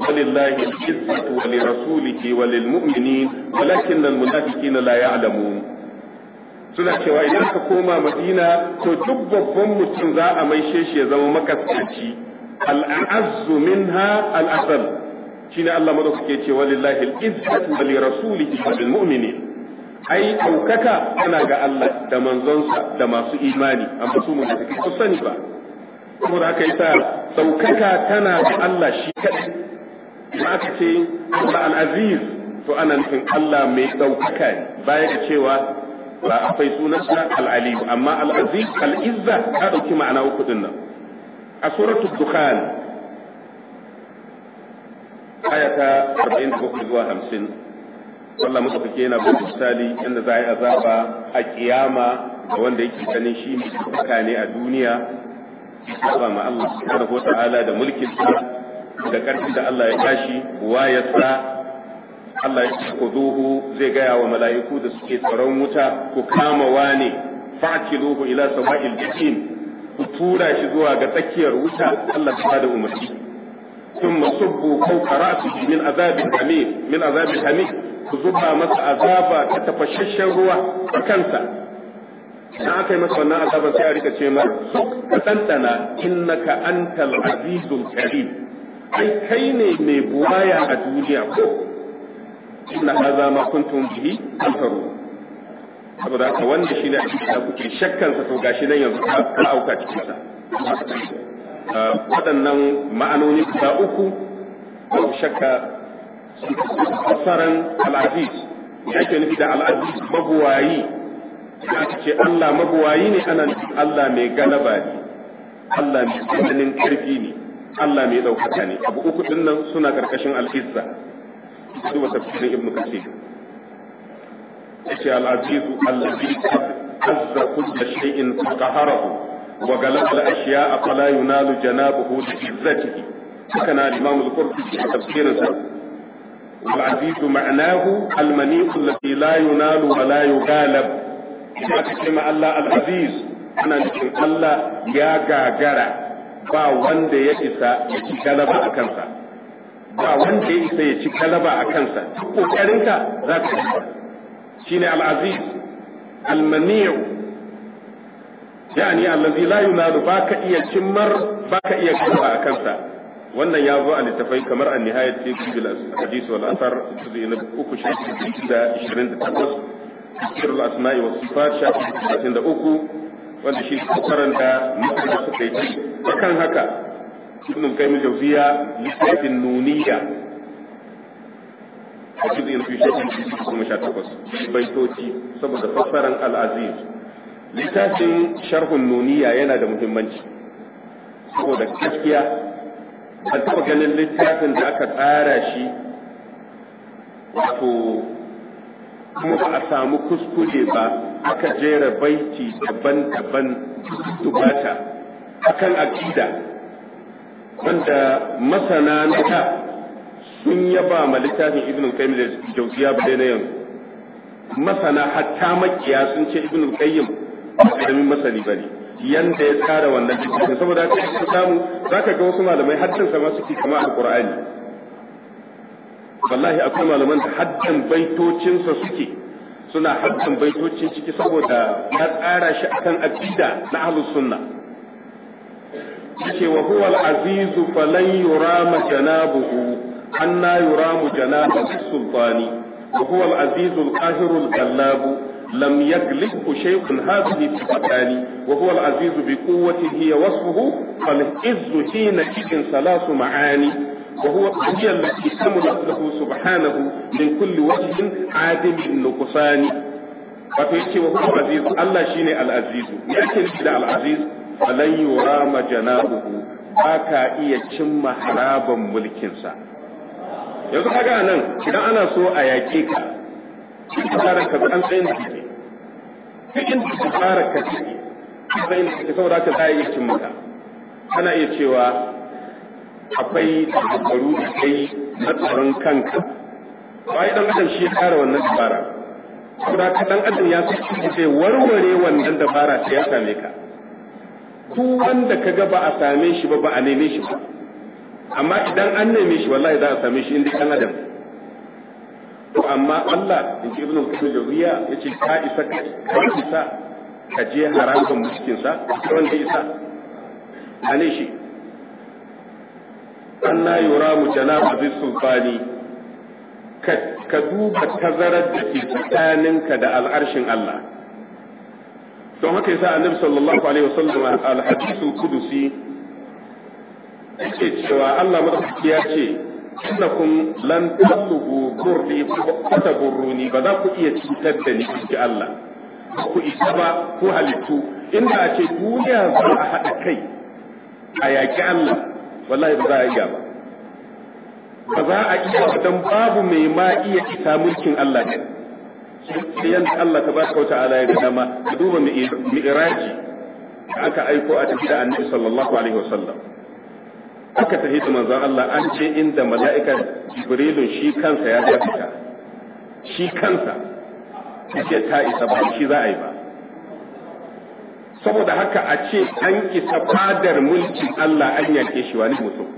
ولله العزة ولرسوله وللمؤمنين ولكن المنافقين لا يعلمون suna cewa idan ka koma madina to duk babban mutum za a maishe shi ya zama makasanci al'azzu minha al'asal shine Allah madaukake ce cewa al-izzatu wa li rasulihi wa lil mu'minin ai ɗaukaka tana ga Allah da manzonsa da masu imani amma su mun take su sani ba aka yi yasa ɗaukaka tana ga Allah shi kadai idan aka ce Allah al-Aziz to ana nufin Allah mai ɗaukaka ne baya da cewa ba akwai sunansa al-Alim amma al-Aziz al-Izza ta ɗauki ma'ana uku din nan a suratul Dukhan ayata 47 zuwa 50 Allah muka fike yana bin misali inda za a yi azaba a kiyama da wanda yake ganin shi ne suka ne a duniya saba ma Allah subhanahu ta'ala da mulkin sa da karfi da Allah ya tashi wa ya sa Allah ya kuduhu zai gaya wa mala'iku da suke tsaron wuta ku kama wane fa'kiluhu ila Sama'il jahim ku tura shi zuwa ga tsakiyar wuta Allah ya bada umarni ثم صبوا فوق رأسه من عذاب الحميد من عذاب الحميد ku zuba masa azaba ta tafashashen ruwa a kansa na aka yi masa wannan azaban sai a rika ce mar ka tantana innaka antal azizul karim ai kai ne mai buwaya a duniya ko inna hadha ma kuntum bihi tantaru saboda haka wanda shine da kuke shakkan sa to gashi nan yanzu ka auka cikin sa waɗannan ma'anoni guda uku babu shakka asaran al'aziz ya ake nufi da al'aziz mabuwayi ya ce Allah mabuwayi ne anan Allah mai galaba ne Allah mai tsananin karfi ne Allah mai ɗaukaka ne abu uku din nan suna ƙarƙashin al'izza su wa tafsirin ibnu kasir yace al-aziz allazi azza kull shay'in qaharahu wa galaba al-ashya'a fala yunalu janabuhu bi izzatihi haka na imam al-qurtubi tafsirin sa والعزيز معناه المنيء الذي لا ينال ولا يغالب إذا الله العزيز أنا نقول الله يا غاغرة ba wanda ya isa ya ci galaba a kansa ba wanda ya isa ya ci galaba a kansa duk kokarinka za ka ci shine al-aziz iya cimmar iya a kansa wannan ya zo a littafai kamar an nihayat fi kubil hadith wal athar juz'i na 3 da 28 tafsir al asma'i was sifat da uku wanda shi ko karanta mutane su kai kan haka ibn qayyim jawziya littafin nuniya a juz'i na 2 da 18 baitoci saboda fassaran al aziz littafin sharhun nuniya yana da muhimmanci saboda gaskiya a taɓa ganin littafin da aka tsara shi wato kuma ba a samu kuskure ba aka jera baiti daban-daban dubata akan akida wanda masana na da sun yaba ma littafin ibn qayyim da jauziya ba na yanzu masana hatta makiya sun ce ibn qayyim ba karamin masani ba ne. yanda ya tsara wannan cikin saboda haka ka samu ka ga wasu malamai haddan sama suke kama alqur'ani wallahi akwai malaman da haddan baitocinsa suke suna haddan baitocin ciki saboda ya tsara shi akan aqida na ahlus sunna yace wa huwa al-azizu falan yurama janabuhu anna yuramu janabu sultani wa huwa al-azizu al-qahiru al لم يغلبه شيء هذه الفتان وهو العزيز بقوته هي وصفه فالعز حينئذ ثلاث معاني وهو هي التي كملت له سبحانه من كل وجه عادم النقصان wato yake wa huwa aziz Allah shine al-aziz me yake nufi da al-aziz falan yurama janabuhu baka iya cimma haraban mulkinsa. sa yanzu kaga nan idan ana so a yake ka ka an tsayin da kake duk inda ka ka tsayin da kake saboda haka za a iya cin maka kana iya cewa akwai dabaru da kai na tsaron kanka yi dan adam shi ya tsara wannan dabara saboda ka dan adam ya san shi sai warware wannan dabara ta ya same ka duk wanda ka ga ba a same shi ba ba a neme shi ba amma idan an neme shi wallahi za a same shi inda kan adam to amma Allah in ce ibn al-Jawziya yace ka isa ka isa ka je haramun muskin sa wanda isa ane shi anna yuramu janaba bi sultani ka duba tazarar da ke tsakaninka da al'arshin Allah don haka yasa annabi sallallahu alaihi wasallam al-hadithul qudusi yace cewa Allah madaukaki ya ce innakum lan tallubu durri wa taburruni ba za ku iya cutar da ni ki Allah ku isa ba ku halittu inda a ce duniya za a haɗa kai a yaƙi Allah wallahi ba za a iya ba ba za a iya ba don babu mai ma iya isa mulkin Allah ne sai yanda Allah tabaraka wa ta'ala ya ga ka duba da aka aiko a tafi da annabi sallallahu alaihi wasallam aka tafi da manzon Allah an ce inda mala'ika Jibrilun shi kansa ya ga fita shi kansa yake ta isa ba shi za a yi ba saboda haka a ce an isa fadar mulkin Allah an yake shi wani mutum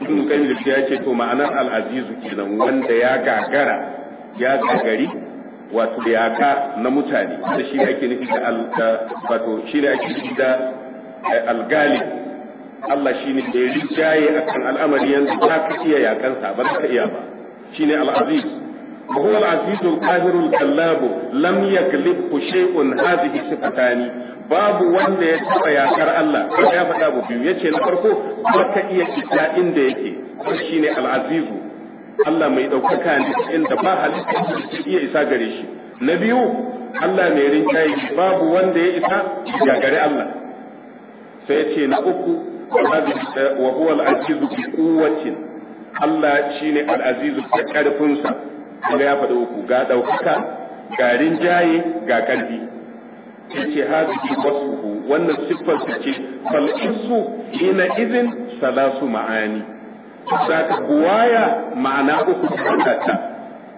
Ibn Qayyim ya ce to ma'anar al-azizu kenan wanda ya gagara ya gagari wato yaka na mutane da shi ake nufi da wato shi ake nufi da algali Allah shi ne da rijaye a kan al'amari yanzu za ka iya yakansa ba za ka iya ba shi ne al'aziz wa huwa al-azizu al-qahiru al-kallabu lam yaglibhu shay'un hadhihi sifatani babu wanda ya taɓa yakar Allah ya faɗa abu biyu yace na farko ba ka iya kita inda yake shi ne al Allah mai ɗaukaka ne inda ba halitta iya isa gare shi na biyu Allah mai rinjaye babu wanda ya isa ya gari Allah sai ce na uku eh, wa huwa al-azizu bi quwwatin Allah shine al-azizu da karfin sa kaga ya faɗi uku ga daukaka ga rinjaye ga karfi yace hadhihi wasfuhu wannan siffar ta ce fal isu ina idin salasu ma'ani zaka buwaya ma'ana uku ta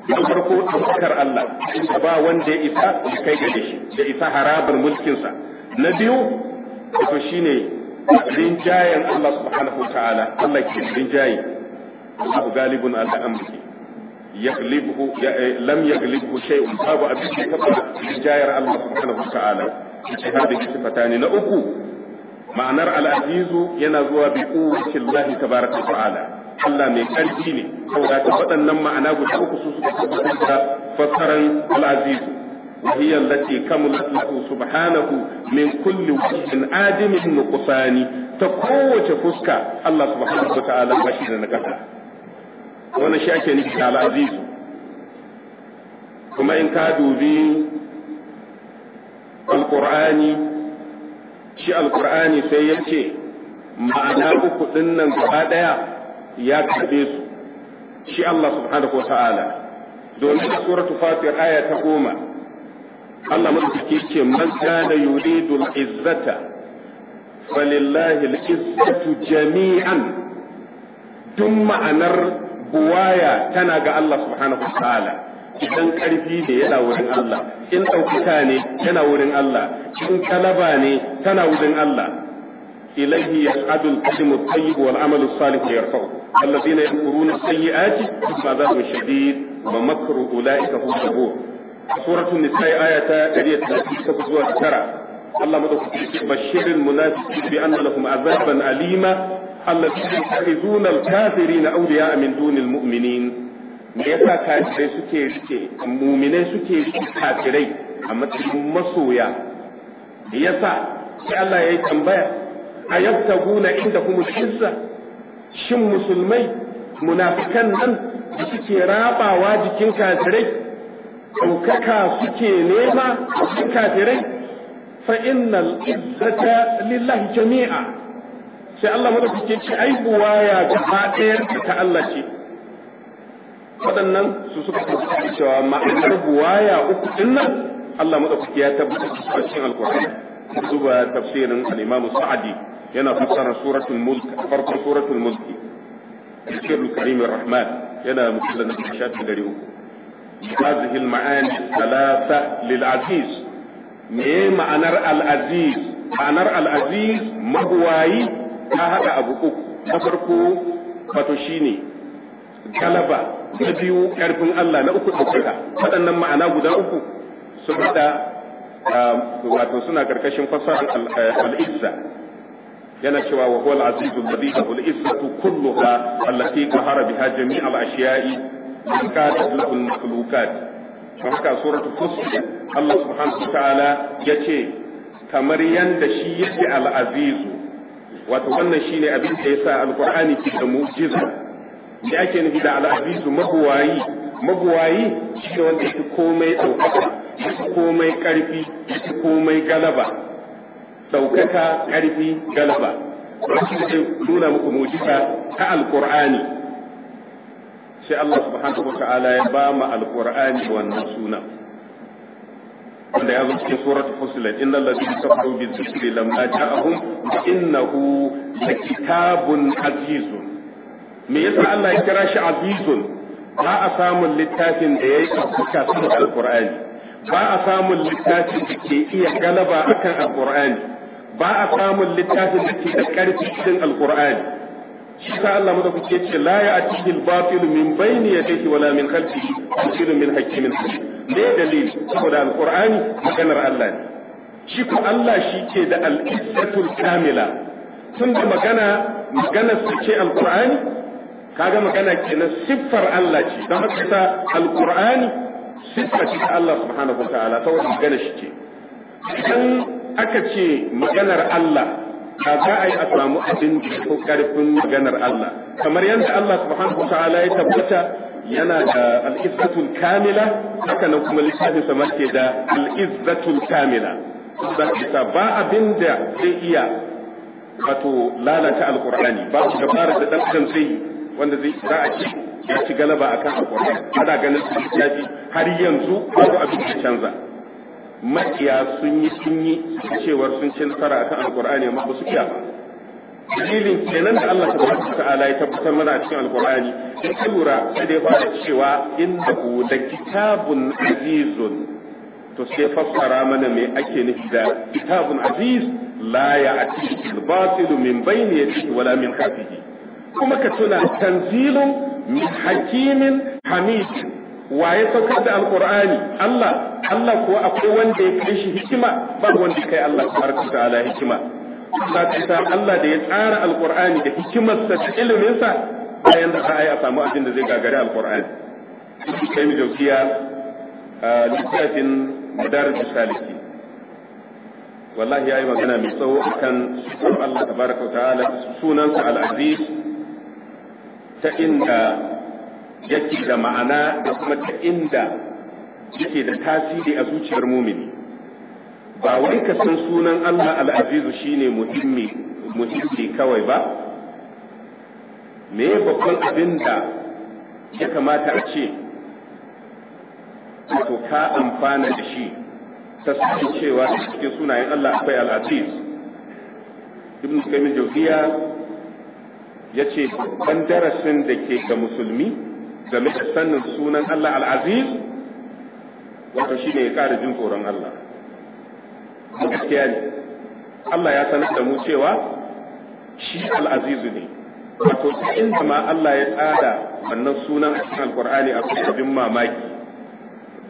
na farko ɗaukar Allah ba wanda ya isa ya kai gare shi ya isa harabar mulkinsa na biyu to shine rinjayen Allah subhanahu wa ta'ala Allah ke rinjaye Allahu galibun ala amri yaglibuhu eh, lam yaglibuhu shay'un babu abin da kafa rinjayar Allah subhanahu wa ta'ala ita hadin sifatani na uku ma'anar al'azizu yana zuwa bi quwwati Allah tabaraka wa ta'ala Allah mai karfi ne saboda waɗannan ma'ana guda uku su suka tabbatar da fassaran al'azizu وهي التي كملت له سبحانه من كل وجه آدم نقصان تقوة فسكة الله سبحانه وتعالى بشر نكسا وانا شاكي نكسا على عزيز كما إن كادوا ذي القرآن شيء القرآن سيأتي ma'ana uku ɗin nan gaba ɗaya ya karɓe su shi Allah subhanahu wa ta'ala domin a suratu fatir aya ta goma Allah madaukaki ce man kana yuridu al-izzata falillahi al-izzatu jami'an duk ma'anar buwaya tana ga Allah subhanahu wa ta'ala idan karfi ne yana wurin Allah in ɗaukaka ne yana wurin Allah in kalaba ne tana wurin Allah ilaihi yas'adul kalimu tayyib wal amalu salih yarfa'u alladhina yamkuruna sayyi'ati ma za shadid wa makru ulaika hum سورة النساء آية 139 الله مدوكي بشر المنافقين بأن لهم عذابا أليما الذين يتخذون الكافرين أولياء من دون المؤمنين me yasa kafirai suke rike muminai suke rike kafirai a matsayin masoya me yasa sai Allah ya yi tambaya a yabtaguna inda kuma shizza shin musulmai munafikan nan da suke rabawa jikin kafirai ɗaukaka suke nema cikin kafirai fa innal izzata lillahi jami'a sai Allah madaukake ce ai buwaya gaba ɗayar ta Allah ce waɗannan su suka tabbata cewa ma'anar buwaya uku din nan Allah madaukake ya tabbata a cikin alkur'ani duba tafsirin al-Imam Sa'di yana fassara suratul mulk farkon suratul mulk Shirul Karim Rahman yana mutum da na shafi uku. هذه المعاني الثلاثة للعزيز me ma'anar al'aziz ma'anar al'aziz mabuwayi ta haɗa abu uku na farko wato shine galaba na biyu ƙarfin Allah na uku ɗaukaka waɗannan ma'ana guda uku sun haɗa wato suna ƙarƙashin fasar al'izza yana cewa wa huwa al-azizul ladhi lahu al-izzatu kulluha allati qahara biha jami'al man kana lahu makhluqat don haka suratul fussilat Allah subhanahu wataala yace kamar yanda shi yake al aziz wato wannan shine abin da yasa al-qur'ani ke da mu'jiza me ake nufi da al aziz mabuwayi mabuwayi shine wanda yake komai daukaka komai karfi komai galaba daukaka karfi galaba wannan nuna muku mu'jiza ta al-qur'ani sai Allah subhanahu wata'ala ya ba mu Alƙur'ani wannan suna. wanda ya zo cikin suratul fusilat innal ladina kafaru bi dhikri lamma ja'ahum wa innahu kitabun azizun me yasa Allah ya kira shi azizun ba a samun littafin da ya yi yayi kafka sun Alƙur'ani. ba a samun littafin da ke iya galaba akan Alƙur'ani. ba a samun littafin da ke da karfi cikin Alƙur'ani. shi ka Allah madaukaki ce la ya'tihi al-batil min bayni yadayhi wala min khalfihi tanzilu min hakimin hakim me dalili saboda alqur'ani maganar Allah ne shi ko Allah shi ke da al-izzatul kamila tunda magana magana su ce alqur'ani kaga magana kenan siffar Allah ce don haka sa alqur'ani siffa ce ta Allah subhanahu wa ta'ala saboda magana shi ce idan aka ce maganar Allah ka za a yi a samu abin da ko karfin maganar Allah kamar yadda Allah subhanahu wa ta'ala ya tabbata yana da al kamila haka nan kuma littafin sa ke da al-izzatul kamila saboda ba abin da zai iya wato lalata alqur'ani ba su dabara da dan adam sai wanda zai za a ci ya ci galaba akan alqur'ani ana ganin littafi har yanzu babu abin da canza makiya sun yi sun yi cewar sun ci nasara kan alkur'ani amma ba su kiya ba dalilin kenan da Allah subhanahu ta'ala ya tabbatar mana a cikin alkur'ani sai ka lura sai da ya fara cewa innahu da kitabun azizun to sai fassara mana me ake nufi da kitabun aziz la ya'tihi al-batil min bayni yadihi wala min khalfihi kuma ka tuna tanzilun min hakimin hamid wa ya saukar da alkur'ani Allah Allah kuwa akwai wanda ya kai shi hikima ba wanda kai Allah tabaraka ta'ala hikima sa Allah da ya tsara alqur'ani da hikimarsa da iliminsa bayan da ai a samu abin da zai gagari alqur'ani kai mu jaukiya littafin madarij salihi. wallahi yayi magana mai tsawo akan sunan Allah tabaraka wa ta'ala sunansa al-aziz ta inda yake da ma'ana da kuma ta inda yake da tasiri a zuciyar mumini ba wai ka san sunan Allah al'azizu shine muhimmi muhimmi kawai ba me babban abin da ya kamata a ce to ka amfana da shi ta sani cewa cikin sunayen Allah akwai al'aziz ibn kaimin jauziya ya ce babban darasin da ke ga musulmi game da sannin sunan Allah al'aziz wato shi ne ya ƙara jin tsoron Allah gaskiya ne Allah ya sanar da mu cewa shi al'azizu ne wato ta inda ma Allah ya tsada wannan sunan a cikin alkur'ani a kuma abin mamaki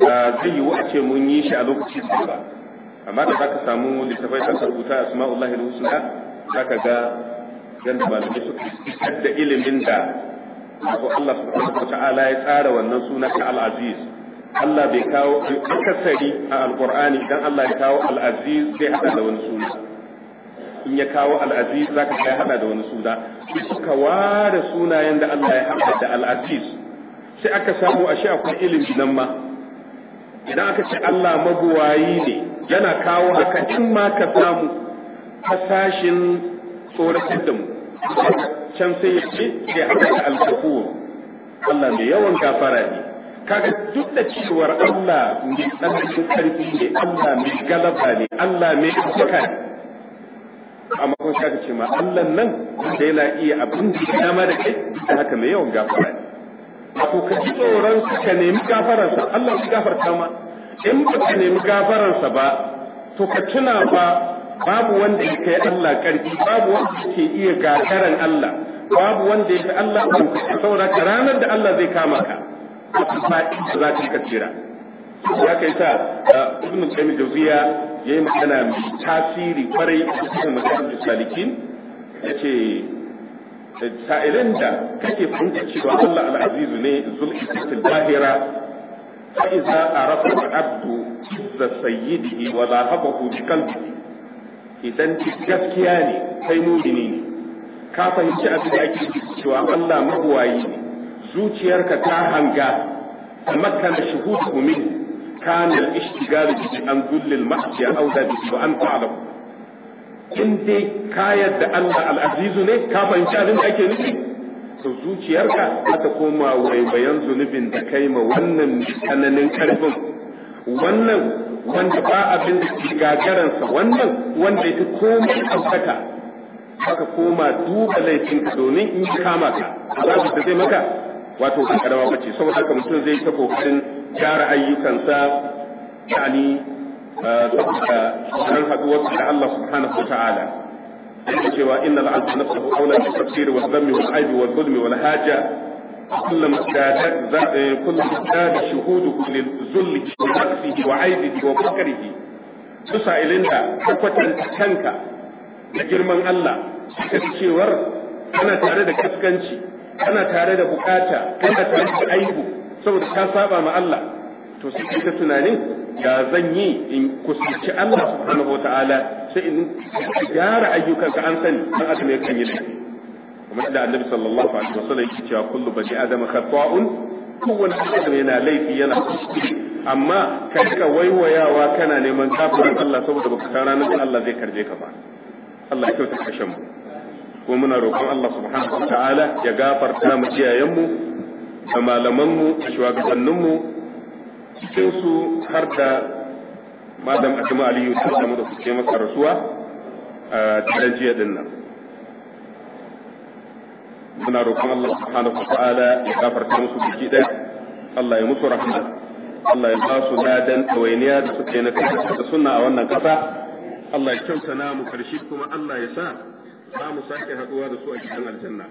da zai yiwu a ce mun yi shi a lokaci da ba amma da za ka samu littafai da rubuta asma'ullahi al-husna ka ga yanda malamai suka fitar da ilimin da wato Allah subhanahu wa ta'ala ya tsara wannan sunan ta al-aziz Allah bai kawo akasari a alqur'ani idan Allah ya kawo al'aziz aziz zai hada da wani suna in ya kawo al'aziz aziz zaka ga ya hada da wani suna suka ware sunayen da Allah ya hada da al'aziz sai aka samu ashe akwai ilimi nan ma idan aka ce Allah mabuwayi ne yana kawo haka in ma ka samu hasashin tsoratar da mu can sai ya ce sai aka alkafur Allah mai yawan gafara ne kaga duk da cewar Allah mai tsananin karfi ne Allah mai galaba ne Allah mai ɗaukaka ne amma kun shaka ce ma Allah nan da yana iya abin da ya ma da kai duk haka mai yawan gafara ne wato ka ji tsoron ka nemi sa Allah ya gafarta ma in ba ka nemi sa ba to ka tuna ba babu wanda ya kai Allah karfi babu wanda ke iya gagaran Allah babu wanda ya fi Allah ɗaukaka saboda ranar da Allah zai kama ka faɗin da za ta yi kasira ya kai sa uh, ibn qayyim jawziya yayi magana mai tasiri kwarai a cikin masalan salikin yace sa'ilan da kake fahimta cewa Allah al-aziz ne zul istatil bahira fa iza arafa al-abdu izza sayyidihi wa zahabahu bi qalbihi idan gaskiya ne kai mumini ne ka fahimci abin da ake cewa Allah mabuwayi ne zuciyarka ta hanga na shuhudu min kana al-ishtigalu bi an dullil ma'siya aw da bi an ta'lam in dai ka yadda Allah al-azizu ne ka fahimci abin da ake nufi to zuciyarka za ta koma waiwayen zunubin da kai ma wannan tsananin karfin wannan wanda ba abin da ke gagaransa wannan wanda ya fi komai ɗaukaka haka koma duba laifinka domin in kama ka a da zai maka wato ba karama bace saboda haka mutum zai ta kokarin gyara ayyukansa yani eh, saboda tsoron haduwar da Allah subhanahu ta'ala yake cewa inna al'abda nafsuhu awla bi tafsir wa dhammi wal aibi wa dhulmi wal haja كلما ازداد كلما ازداد شهوده للذل ونقصه وعيبه وفقره تسعى إلينا تكوتن تكنك da girman Allah suka cewar ana tare da kaskanci kana tare da bukata kana tare da aibu saboda ka saba ma Allah to sai ka tunanin da zan yi in kusanci Allah subhanahu sai in gyara ayyukan ka an sani an asme kan yi kamar da annabi sallallahu alaihi wasallam yake cewa kullu bani adama khata'un kowane adam yana laifi yana kuskure amma ka rika waiwayawa kana neman gafarar Allah saboda baka san ranar Allah zai karje ka ba Allah ya kyauta kashin mu ko muna roƙon Allah subhanahu ta'ala ya gafarta mu iyayenmu da malamanmu da shugabanninmu cikin su har da madam Adamu Aliyu ta samu da kuke masa rasuwa a daren jiya din nan muna roƙon Allah subhanahu ta'ala ya gafarta musu biki ɗaya Allah ya musu rahama Allah ya ba su ladan ɗawainiya da suke na kasa da suna a wannan ƙasa Allah ya kyauta namu karshe kuma Allah ya sa za mu sake haduwa da su a gidan aljanna